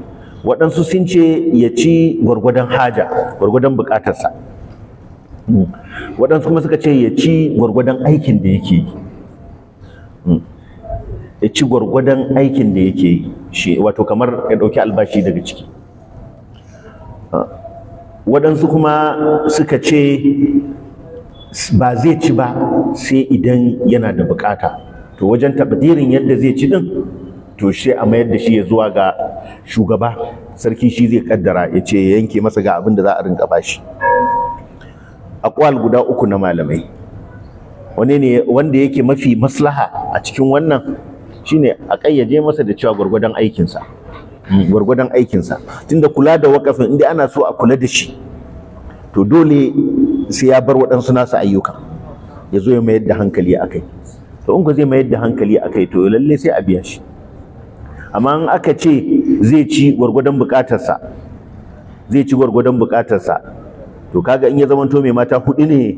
B: waɗansu sun ce ya ci gwargwadon haja gwargwadon buƙatarsa hmm. waɗansu kuma suka ce ya ci gwargwadon aikin da yake yi ya ci gwargwadon aikin da yake yi shi wato kamar ya ɗauki albashi daga ciki ah, waɗansu kuma suka ce ba zai ci ba sai idan yana da bukata to wajen tabbatirin yadda zai ci din, to shi a mayar da shi ya zuwa ga shugaba sarki shi zai kaddara ya ce ya yanke masa ga abin da za a rinka bashi akwal guda uku na malamai wanda yake mafi maslaha a cikin wannan shine a ƙayyaje masa da cewa gwargwadon aikinsa mm, gwargwadon aikinsa tunda kula da wakafin inda ana so a kula da shi to dole sai ya bar waɗansu nasu ayyuka ya zo ya mayar da hankali a kai to in ku zai mayar da hankali a kai to lalle sai a biya shi amma in aka ce zai ci gwargwadon buƙatarsa zai ci gwargwadon buƙatarsa to kaga in ya to mai mata hudu ne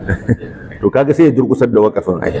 B: to kaga sai ya durkusar da wakafin ai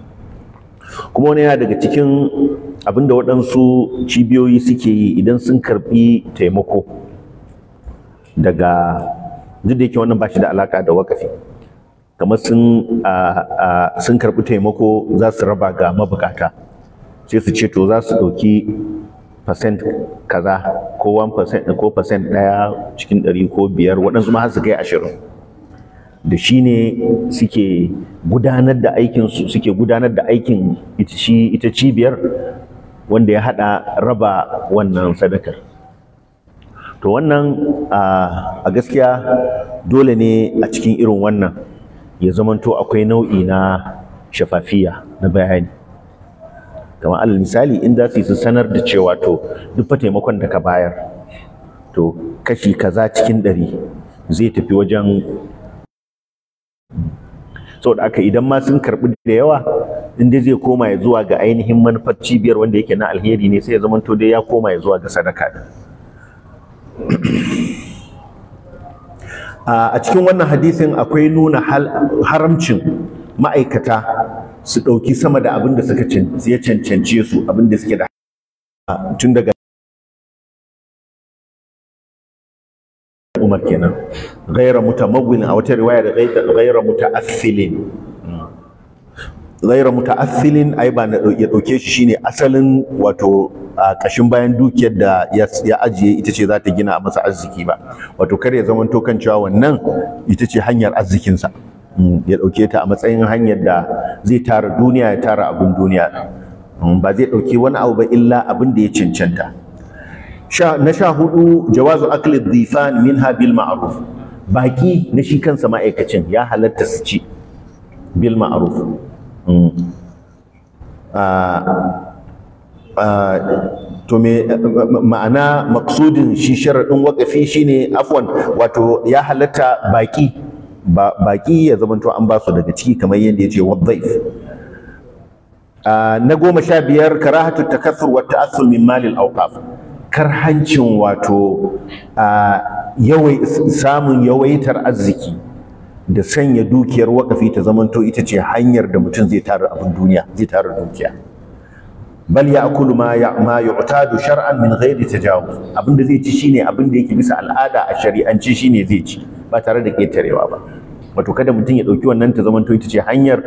B: kuma wani yana daga cikin abin da waɗansu cibiyoyi suke yi idan sun karɓi taimako daga duk da yake wannan ba shi da alaƙa da wakafi kamar sun karɓi taimako za su raba ga mabukata sai su ce to za su ɗauki percent kaza ko 1% ko percent ɗaya cikin ɗari ko biyar waɗansu ma har su kai ashirin da shi ne suke gudanar da aikin su suke gudanar da aikin ita cibiyar wanda ya hada raba wannan sadakar to wannan a gaskiya dole ne a cikin irin wannan ya zamanto akwai nau'i na shafafiya na bayani kamar alal misali in za su yi su sanar da cewa to duk fa taimakon da ka bayar to kashi kaza cikin ɗari zai tafi wajen saboda aka idan ma sun karɓi da yawa in dai zai koma ya zuwa ga ainihin manufar cibiyar wanda yake na alheri ne sai ya zama to dai ya koma ya zuwa ga sadaka a cikin wannan hadisin akwai nuna haramcin ma'aikata su ɗauki sama da abin da suka ya cancance su abin da suke da tun daga umar kenan ghaira mutamawwil a wata riwaya da muta'assilin muta'assilin ai ba ya dauke shi shine asalin wato a kashin bayan dukiyar da ya ajiye ita ce za ta gina masa arziki ba wato kar ya zama tokan cewa wannan ita ce hanyar arzikinsa mm, ya dauke ta a matsayin hanyar da zai tara duniya ya tara abin duniya mm, ba zai dauki wani abu ba illa abin da ya cancanta na sha hudu jawazu akli dhifan minha bil ma'ruf baki na shi kansa ma'aikacin ya halatta su ci bil ma'ruf mm. ah, ah, to me ma'ana maksudin shi sharadin wakafi shine afwan wato ya halatta baki baki ya zamanto an ba su daga ciki kamar yadda yace wadhaif ah, na goma sha biyar karahatu takathur wa ta'assul min malil awqaf karhancin wato samun yawaitar arziki da sanya dukiyar wakafi ta zamanto ita ce hanyar da mutum zai tara abin duniya zai tara dukiya bal ya akulu ma ya ma yu'tadu shar'an min ghairi tajawuz abin da zai ci shine abin da yake bisa al'ada a shari'anci shine zai ci ba tare da ketarewa ba wato kada mutum ya dauki wannan ta zamanto ita ce hanyar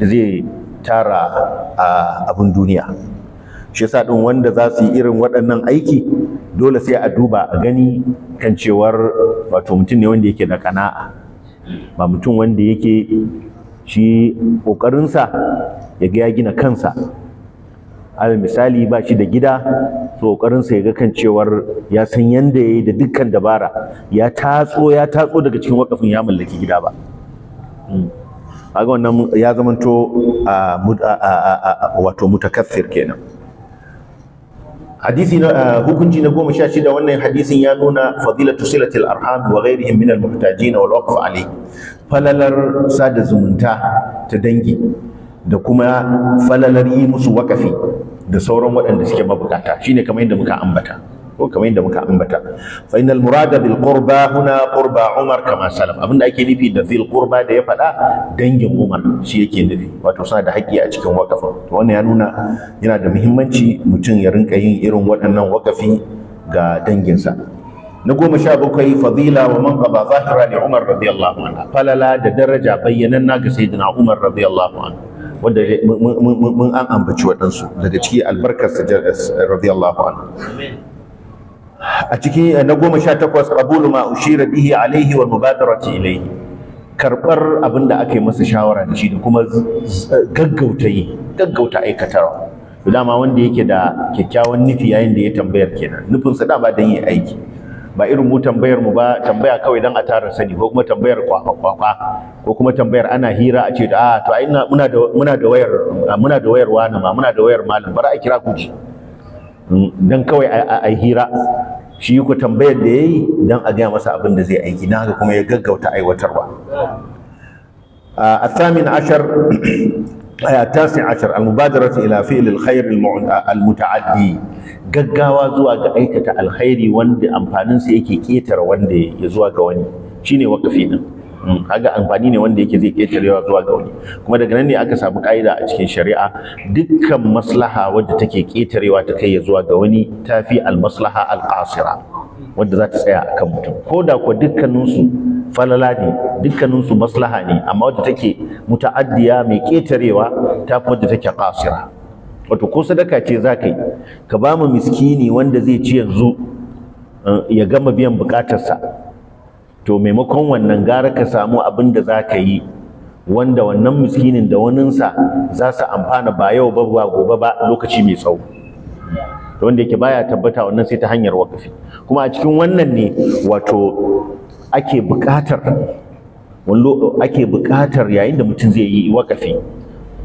B: da zai tara abin duniya shi yasa din wanda za su yi irin waɗannan aiki dole sai a duba a gani kan cewar wato mutum ne wanda yake da kana'a ba mutum wanda yake shi ƙoƙarinsa ya ga ya gina kansa al misali ba shi da gida to ƙoƙarinsa ya ga kan cewar ya san yanda ya yi da dukkan dabara ya tatso ya tatso daga cikin wakafin ya mallaki gida ba hmm. kaga wannan ya zamanto ah, ah, ah, wato mutakaffir kenan hadisi na eh, hukunci na goma sha shida wannan hadisin ya nuna fadilatu silatil arham wa ghairihim min al muhtajin wal waqf Ali. falalar sada zumunta ta dangi da kuma falalar yi musu wakafi da sauran waɗanda suke mabukata shine kamar yadda muka ambata ko kamar yadda muka ambata fa innal murada bil qurba huna qurba umar kama salaf abinda ake nufi da zil qurba da ya faɗa dangin umar shi yake nufi wato suna da haƙƙi a cikin wakafin to wannan ya nuna yana da muhimmanci mutum ya rinka yin irin waɗannan wakafi ga danginsa na goma sha bakwai fadila wa man qada zahira li umar radiyallahu anhu falala da daraja bayyanan na ga sayyidina umar radiyallahu anhu wanda mun an ambaci waɗansu daga ciki albarkar radiyallahu anhu a ciki eh, na goma sha takwas qabulu ma ushira bihi alaihi wa mubadarati ilaihi karɓar abin da aka yi masa shawara da shi da kuma eh, gaggauta yi gaggauta aikatarwa dama wanda yake da kyakkyawan nufi yayin da ya tambayar kenan nufinsa dama don yi aiki ba irin mu tambayar mu ba tambaya kawai dan a tara sani ko kuma tambayar kwakwa ko kuma tambayar ana hira a ce da a ah, to ai muna da muna da wayar muna da wayar ma muna da wayar malam bara a kira ku don kawai a hira shi ku tambayar da ya yi don a gaya masa abin da zai aiki na kuma ya gaggauta aiwatarwa a ashar a tasin ashar almubadaratu ila gaggawa zuwa ga aikata alkhairi wanda amfaninsa yake ƙetare wanda ya zuwa ga wani shine wakafi din Mm, kaga amfani ne wanda yake zai ketarewa zuwa ga wani kuma daga nan ne aka samu ka'ida a cikin shari'a dukkan maslaha wadda take ketarewa ta kai zuwa ga wani tafi almaslaha alqasira wadda za ta tsaya akan mutum ko da kuwa dukkaninsu falala ne dukkaninsu maslaha ne amma wadda take muta'addiya mai ketarewa ta fi wadda take qasira wato ko sadaka ce za ka yi ka ba mu miskini wanda zai ci yanzu mm, ya gama biyan bukatarsa to maimakon wannan gara ka samu abin da za ka yi wanda wannan miskinin da waninsa za su amfana ba yau ba ba gobe ba lokaci mai tsawo wanda yake baya tabbata wannan sai ta hanyar wakafi kuma a cikin wannan ne wato ake buƙatar ake buƙatar yayin da mutum zai yi wakafi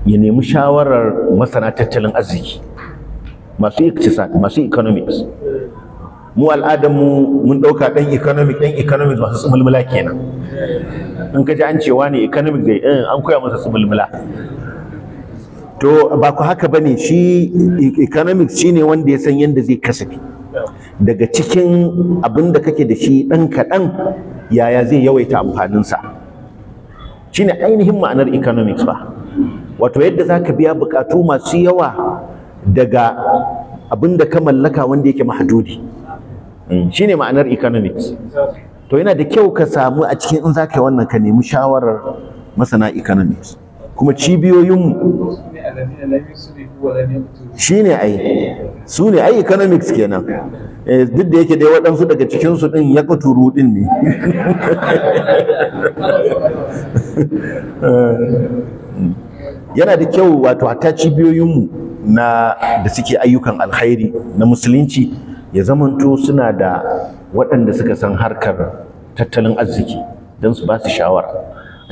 B: ya nemi shawarar masana tattalin arziki masu masu economics mu al'adar mu mun ɗauka dan economic dan economic masu sumulmula kenan in ka ji an cewa ne economic zai eh, an koya masa sumulmula to ba ku haka bane shi e, economic shine wanda ya san yadda zai kasafi daga cikin abin da kake da shi ɗan kaɗan yaya zai yawaita amfaninsa shine ainihin ma'anar economics ba wato yadda za ka biya bukatu masu yawa daga abinda ka mallaka wanda yake mahadudi Mm. Shi ne ma'anar economics to yana da kyau ka samu a cikin in ka yi wannan ka nemi shawarar masana economics kuma cibiyoyin ne ai su ne ai economics kenan eh, duk da yake dai waɗansu daga cikinsu ɗin ya kuturu ɗin ne yana da kyau wato hatta cibiyoyinmu na da suke ayyukan alkhairi na musulunci ya zamanto suna da waɗanda suka san harkar tattalin arziki don su ba su shawara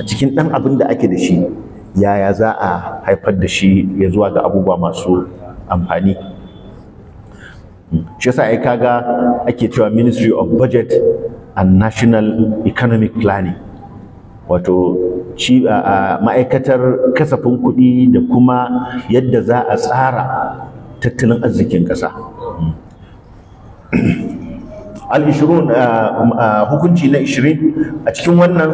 B: a cikin ɗan abin da ake da shi yaya za a haifar da shi ya zuwa ga abubuwa masu amfani shi yasa aika kaga ake cewa ministry of budget and national economic planning wato ci ma'aikatar kasafin kuɗi da kuma yadda za a tsara tattalin arzikin ƙasa al-ishirun ah, mm, ah, hukunci na ishirin a cikin wannan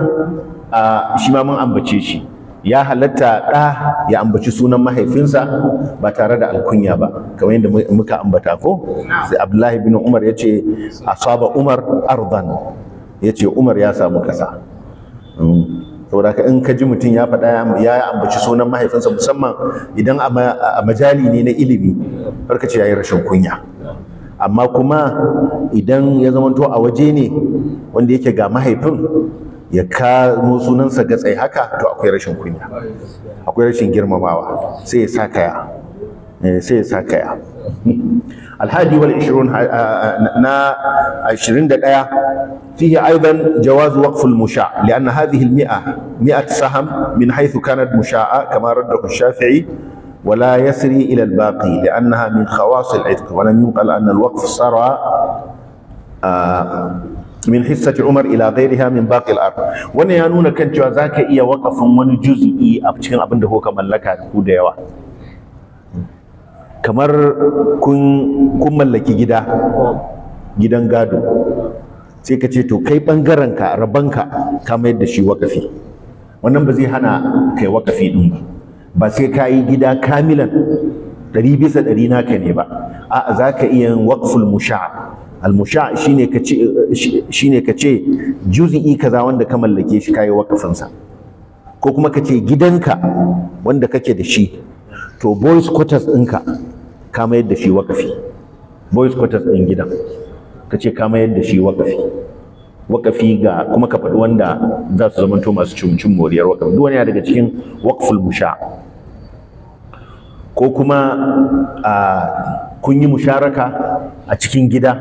B: ah, shi ma mun ambace shi ya halatta ɗa ya ambaci sunan mahaifinsa ba tare da alkunya ba kamar yadda muka ambata ko sai abdullahi bin umar ya ce asaba umar ardan ya ce umar ya samu kasa mm. saboda ka in ka ji mutum ya faɗa ya ambaci sunan mahaifinsa musamman idan a majali ne na ilimi farka ce ya yi rashin kunya amma kuma idan ya zamanto a waje ne wanda yake ga mahaifin ya kamo sunansa gatsai haka to akwai rashin kunya akwai rashin girmamawa sai ya sa kaya eh, sai ya sa kaya alhadi wal 20 na 21 fihi aidan jawaz waqf al musha lian hadhihi al mi'a mi'at saham min haythu kanat musha'a kama raddahu shafi'i ولا يسري إلى الباقي لأنها من خواص العتق ولم ينقل أن الوقف سرى min hissati umar ila ghairiha min baqil ard wannan ya nuna kan cewa zaka iya wakafin wani juz'i a cikin abinda da kuka mallaka ku da yawa kamar kun mallaki gida gidan gado sai ka ce to kai bangaren ka rabanka ka mayar da shi wakafi wannan ba zai hana kai wakafi din ba ba sai ka yi gida kamilan ɗari bisa ɗari naka ne ba a'a za ka iya yin waqful musha al-musha shine ka ce shine ka za juz'i kaza wanda ka mallake shi kai waqfin sa ko kuma ka ce gidanka wanda kake da shi to boys quarters ɗinka ka mayar da shi waqfi boys quarters ɗin gidan ka ce ka mayar da shi waqfi Waƙafi ga kuma ka faɗi wanda za su to masu cimcin moriyar waqafi duk wani daga cikin waqful musha' ko kuma kun yi musharaka a cikin gida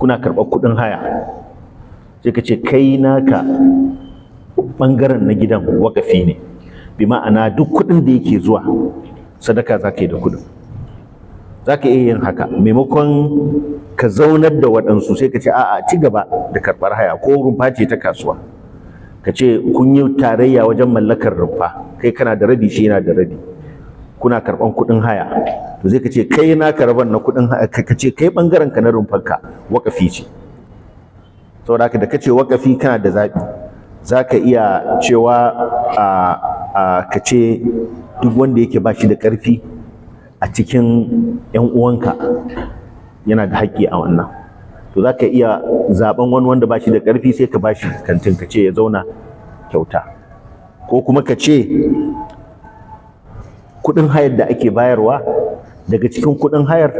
B: kuna karɓar kuɗin haya sai ka ce kai naka ɓangaren na gidan wakafi ne bi ma'ana duk kuɗin da yake zuwa sadaka za ka yi da kuɗin za ka iya yin haka maimakon ka zaunar da waɗansu sai ka ce a'a ci gaba da karɓar haya ko rumfa ce ta kasuwa ka ce kun yi tarayya wajen mallakar rumfa kai kana da rabi shi yana da rabi kuna karban kuɗin haya to zai kace kai na karban na kuɗin haya Ka kace kai bangaren ka na rumfanka wakafi ce saboda haka da kace wakafi kana da zabi zaka iya cewa a a kace duk wanda yake bashi da karfi a cikin yan uwanka yana da haƙƙi a wannan to zaka iya zaɓen wani wanda bashi da karfi sai ka bashi kantin kace ya zauna kyauta ko kuma kace kuɗin hayar da ake bayarwa daga cikin kuɗin hayar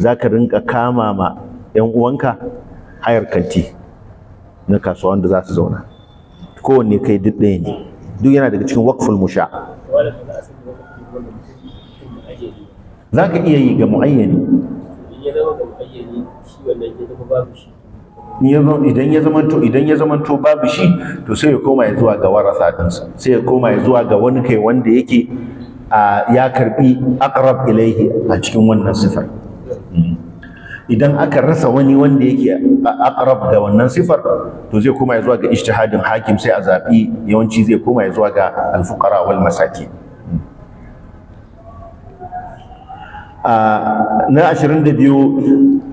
B: za ka rinka kama ma 'yan uwanka hayar kanti na kasuwa wanda za su zauna kowanne kai duk ɗaya ne duk yana daga cikin wakful musha za ka iya yi ga mu'ayyani idan ya to idan ya to babu shi to sai ya koma ya zuwa ga warasa ɗinsa sai ya koma ya zuwa ga wani kai wanda yake ya karbi akrab ilaihi a cikin wannan sifar idan aka rasa wani wanda yake akrab da wannan sifar to zai koma zuwa ga ijtihadin hakim sai a zabi yawanci zai koma zuwa ga alfuqara wal masakin na 22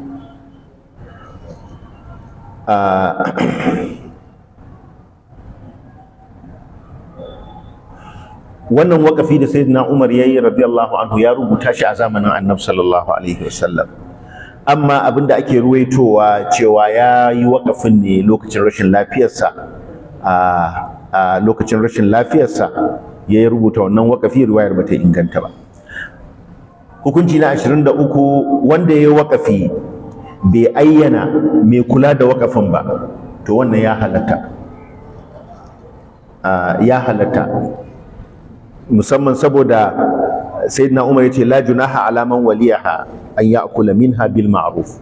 B: wannan wakafi da sayyidina Umar yayi radiyallahu anhu ya rubuta shi a zamanin Annabi sallallahu alaihi wasallam amma abinda ake ruwaitowa cewa ya yi wakafin ne lokacin rashin lafiyarsa a lokacin rashin lafiyarsa ya rubuta wannan wakafi ruwayar bata inganta ba hukunci na 23 wanda ya yi wakafi bai ayyana mai kula da wakafin ba to wannan ya halatta ya halatta musamman saboda sayyidina umar yace la junaha ha alaman waliyaha an min minha bil ma'ruf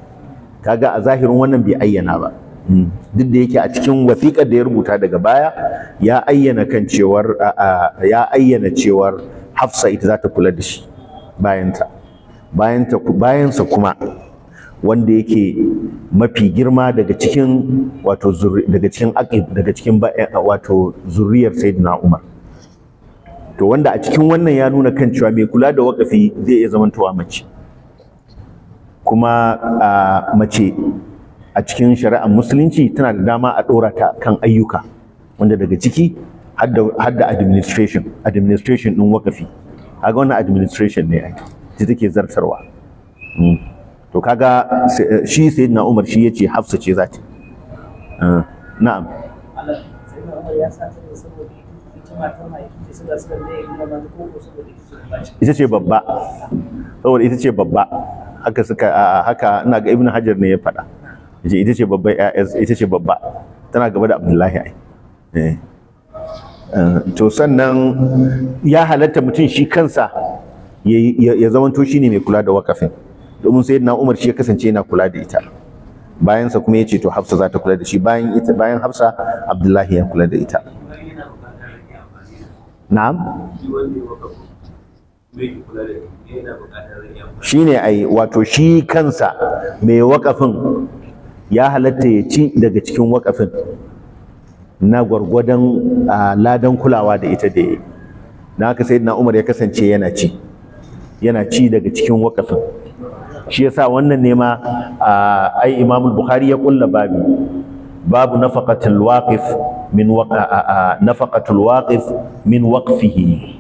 B: kaga a zahirin wannan bai ayyana ba hmm. duk da yake a cikin wasiƙar da ya rubuta daga baya ya ayyana kan cewar ya ayyana cewar Hafsa ita za ta kula da shi bayanta bayanta bayansa kuma wanda yake mafi girma daga cikin wato daga daga cikin wato zuriyar Sayyidina Umar to wanda a cikin wannan ya nuna kan cewa mai kula da wakafi zai iya zamantowa mace kuma mace a cikin shari'ar musulunci tana da dama a ɗora ta kan ayyuka wanda daga ciki har da administration administration ɗin wakafi kaga wannan administration ne ai ta take zartarwa hmm. to kaga shi sayyidina Umar shi yace Hafsa ce za ta ah, na'am
A: Allah Umar ya sa ta saboda ita ta mai
B: ita ce babba saboda ita ce babba haka suka haka ina ga ibnu hajar ne ya faɗa ita ce babba ita ce babba tana gaba da abdullahi ai eh. Eh, to sannan ya halatta mutum shi kansa ya zamanto shi ne mai kula da wakafin domin sai na umar shi ya kasance yana kula da ita bayansa kuma ya ce to hafsa za ta kula da shi bayan hafsa abdullahi ya kula da ita na'am shi ne ai wato shi kansa mai wakafin ya halatta ya ci daga cikin wakafin na gwargwadon ladan kulawa da ita da ya na haka sai umar ya kasance yana ci yana ci daga cikin wakafin shi yasa wannan ne ma ai imamul bukhari ya kulla babu babu nafaqatul waqif min nafaqatul waqif min waqfihi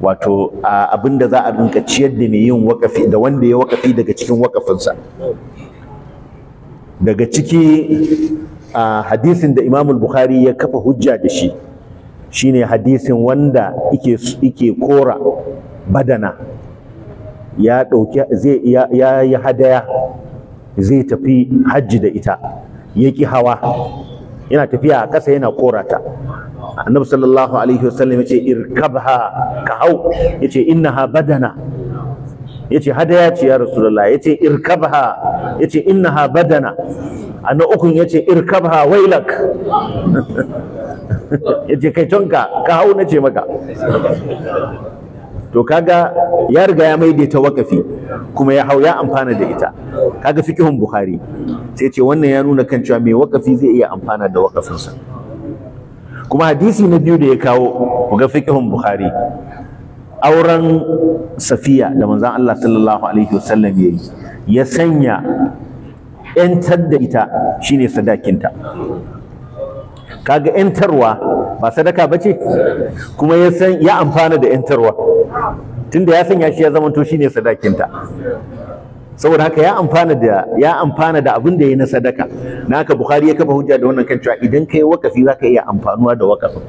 B: wato abinda za a rinka ciyar da mai yin wakafi da wanda ya wakafi daga cikin wakafinsa daga ciki hadisin da imamul bukhari ya kafa hujja da shi shine hadisin wanda ike kora badana ya ɗauki zai ya yi hadaya zai tafi hajji da ita ya hawa yana tafiya a ƙasa yana korata annabi sallallahu alaihi wasallam yace irkabha ka hau yace innaha badana yace hadaya ce ya rasulullah yace irkabha yace innaha badana anna ukun yace irkabha wailak yace kai tonka ka hau nace maka to kaga ya riga ya mai ta wakafi kuma ya hau ya amfana da ita kaga fikihun bukhari sai ce wannan ya nuna kan cewa mai wakafi zai iya amfana da wakafinsa kuma hadisi na biyu da ya kawo kuga fikihun bukhari auren safiya da manzon Allah sallallahu alaihi wasallam ya yi ya sanya yantar da ita shine sadakinta kaga yantarwa ba sadaka bace kuma ya san ya amfana da yantarwa tunda ya sanya shi ya zama to shine sadakinta saboda haka ya amfana da ya amfana da abin da yayi na sadaka naka bukhari ya kafa hujja da wannan kan cewa idan kai wakafi zaka iya amfanuwa da wakafin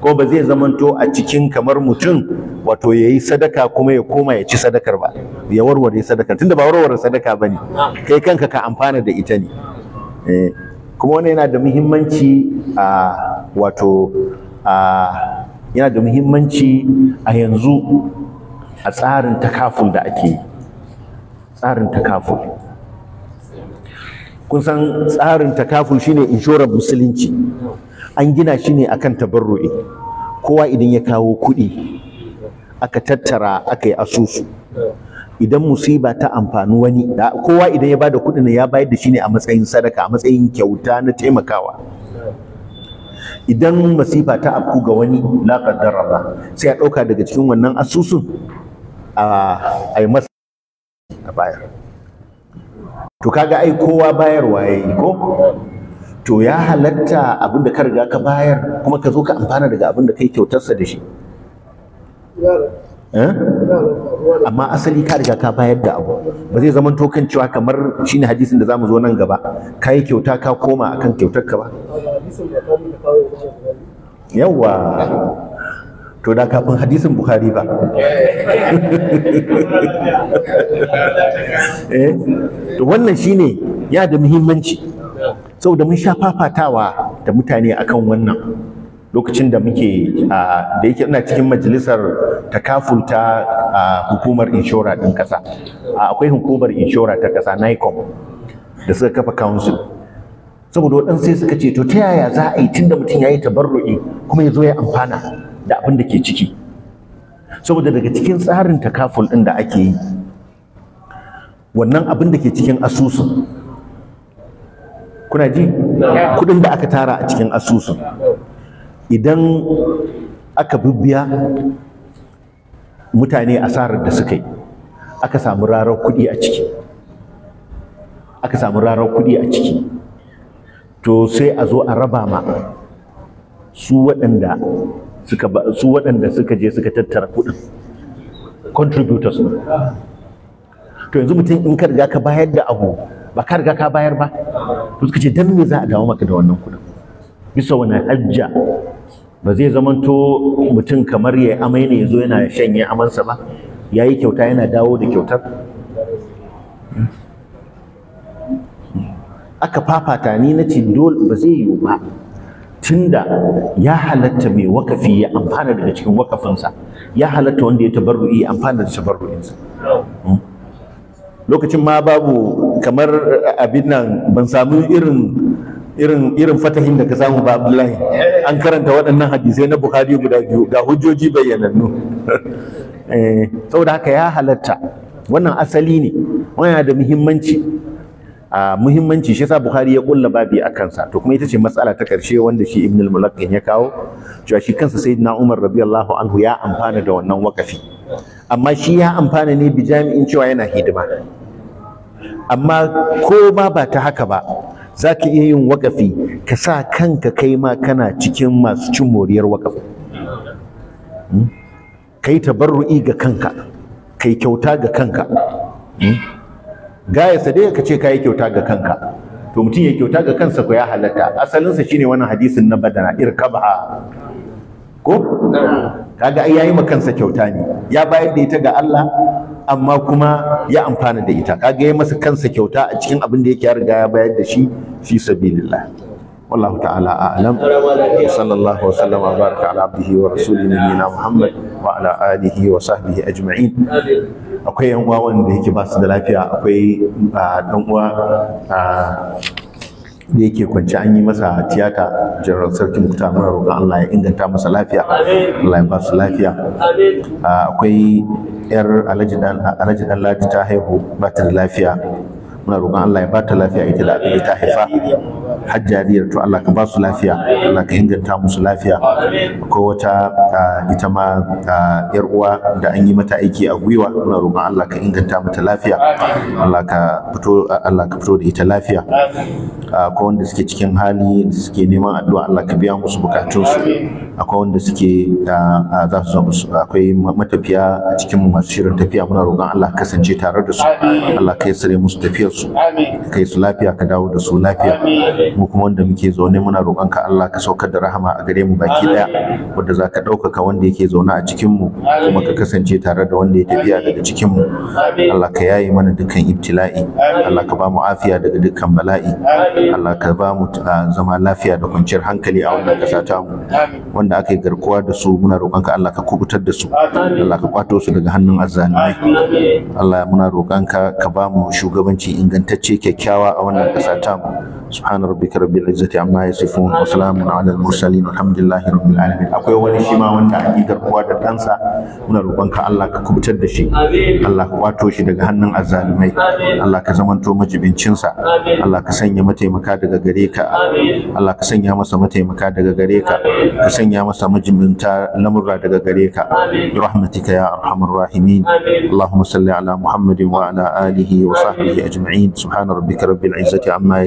B: ko ba zai zamanto a cikin kamar mutum wato yayi sadaka kuma ya koma ya ci sadakar ba ya warware sadaka. tunda ba warware sadaka bane kai kanka ka amfana da ita ne eh, kuma wannan yana da muhimmanci a ah, wato a ah, yana da muhimmanci a yanzu a tsarin takaful da ake yi tsarin takaful kun san tsarin takaful shine inshorar musulunci an gina shi ne akan tabarru'i kowa idan ya kawo kuɗi aka tattara aka yi asusu idan musiba ta amfani wani kowa idan ya bada ne ya bayar da shi ne a matsayin sadaka a matsayin kyauta na taimakawa idan masifa ta afku ga wani la qaddara ba sai a ɗauka daga cikin wannan asusun a ai masa a bayar to kaga ai kowa bayarwa yayi ko to ya halatta abin da ka riga ka bayar kuma ka zo ka amfana daga abin da kai kyautarsa da shi Eh? amma asali ka riga ka bayar da abu ba zai zama to cewa kamar shine hadisin da zamu zo nan gaba ka yi kyauta ka koma akan kyautar ka ba yawa to da kafin hadisin bukhari ba eh to wannan shine ya da muhimmanci saboda mun sha fafatawa da mutane akan wannan lokacin da muke da yake ina cikin majalisar takaful ta hukumar inshora ɗin ƙasa akwai hukumar inshora ta kasa nicom da suka kafa council saboda waɗansu sai suka ce to ta yaya za a yi tunda mutum ya yi tabarru'i kuma ya zo ya amfana da abin da ke ciki saboda daga cikin tsarin takaful ɗin da ake yi wannan abin da ke cikin asusun kuna ji kuɗin da aka tara a cikin asusun idan aka bibbiya mutane asarar da suka yi aka samu rarar kudi a ciki aka samu rarar kudi a ciki to sai a zo a raba ma su waɗanda suka su waɗanda suka je suka tattara kuɗin contributors ne to yanzu mutum in ka riga ka bayar da abu ba ka riga ka bayar ba to suka ce dan me za a dawo maka da wannan kuɗin bisa wani hajja ba zai to mutum kamar ya amai ne yazo yana shanye amansa ba yayi kyauta yana dawo da kyautar aka fafata ni na ce dole ba zai yiwu ba tunda ya halatta mai wakafi ya amfana daga cikin wakafinsa ya halatta wanda ya tabarru'i ya amfana da tabarru'insa hmm. lokacin ma babu kamar eh, abin nan ban samu irin irin fatahin da ka samu ba Abdullahi an karanta waɗannan hadisai na Bukhari guda biyu ga hujjoji bayyanannu eh saboda haka ya halatta wannan asali ne wannan da muhimmanci a muhimmanci shi yasa Bukhari ya kulla babi a kansa to kuma ita ce matsala ta karshe wanda shi Ibn al-Mulaqqin ya kawo cewa shi kansa Sayyidina Umar radiyallahu anhu ya amfana da wannan wakafi amma shi ya amfana ne bi jami'in cewa yana hidima amma ko ba ta haka ba za ka iya yin wakafi ka sa kanka kai ma kana cikin masu cin moriyar wakafi hmm? ka yi tabarru'i ga kanka ka yi kyauta ga kanka hmm? gaya sadai ka ce ka yi kyauta ga kanka to mutum ya kyauta ga kansa ko ya halatta asalinsa shine wannan hadisin na badana irkaba ko kaga ai yayi ma kansa kyauta ne ya bayar da ita ga Allah amma kuma ya amfana da ita kaga ya masa kansa kyauta a cikin abin da yake ya riga ya bayar da shi fi sabilillah والله تعالى أعلم وصلى الله وسلم wa على عبده ورسوله نبينا محمد وعلى آله وصحبه أجمعين akwai yan uwa wanda yake ba su da lafiya akwai ah, dan uwa ah, da yake kwance an yi masa tiyata general sarkin mukta muna roƙon Allah ya inganta masa lafiya Allah ya ba su lafiya akwai yar alaji dan alhaji dan ta haihu ba ta lafiya muna roƙon Allah ya ba ta lafiya ita da abin da ta haifa har jaririyar to Allah ka ba su lafiya Allah ka inganta musu lafiya ko wata ita ma yar uwa da an yi mata aiki a gwiwa muna roƙon Allah ka inganta mata lafiya Allah ka fito Allah ka fito da ita lafiya akwai wanda suke cikin hali da suke neman addu'a Allah ka biya musu bukatunsu akwai wanda suke za su zama akwai matafiya a cikin masu shirin tafiya muna roƙon Allah kasance tare da su Allah ka yi sare musu tafiyarsu su kai su lafiya ka dawo da su lafiya mu kuma wanda muke zaune muna roƙon ka Allah ka saukar da rahama a gare mu baki daya wanda za ka ɗaukaka wanda yake zaune a cikin mu kuma ka kasance tare da wanda ya tafiya daga cikin mu Allah ka yaye mana dukkan ibtila'i Allah ka ba mu afiya daga dukkan bala'i Allah ka ba mu zama lafiya da kwanciyar hankali a wannan kasa ta mu wanda aka yi garkuwa da su muna roƙon ka Allah ka kubutar da su Allah ka kwato su daga hannun azzalimai Allah muna roƙon ka ka ba mu shugabanci ingantacce kyakkyawa a wannan ƙasa tamu subhana rabbika rabbil izzati amma yasifun wa salamun ala mursalin walhamdulillahi rabbil alamin akwai wani shi ma wanda an yi da ɗansa muna roƙonka Allah ka kubutar da shi Allah ka kwato shi daga hannun azzalumai Allah ka zamanto majibincinsa Allah ka sanya mataimaka daga gare ka Allah ka sanya masa mataimaka daga gare ka ka sanya masa majibinta lamurra daga gare ka bi rahmatika ya arhamar rahimin Allahumma salli ala Muhammadin wa ala alihi wa sahbihi ajma'in subhana rabbika rabbil izzati amma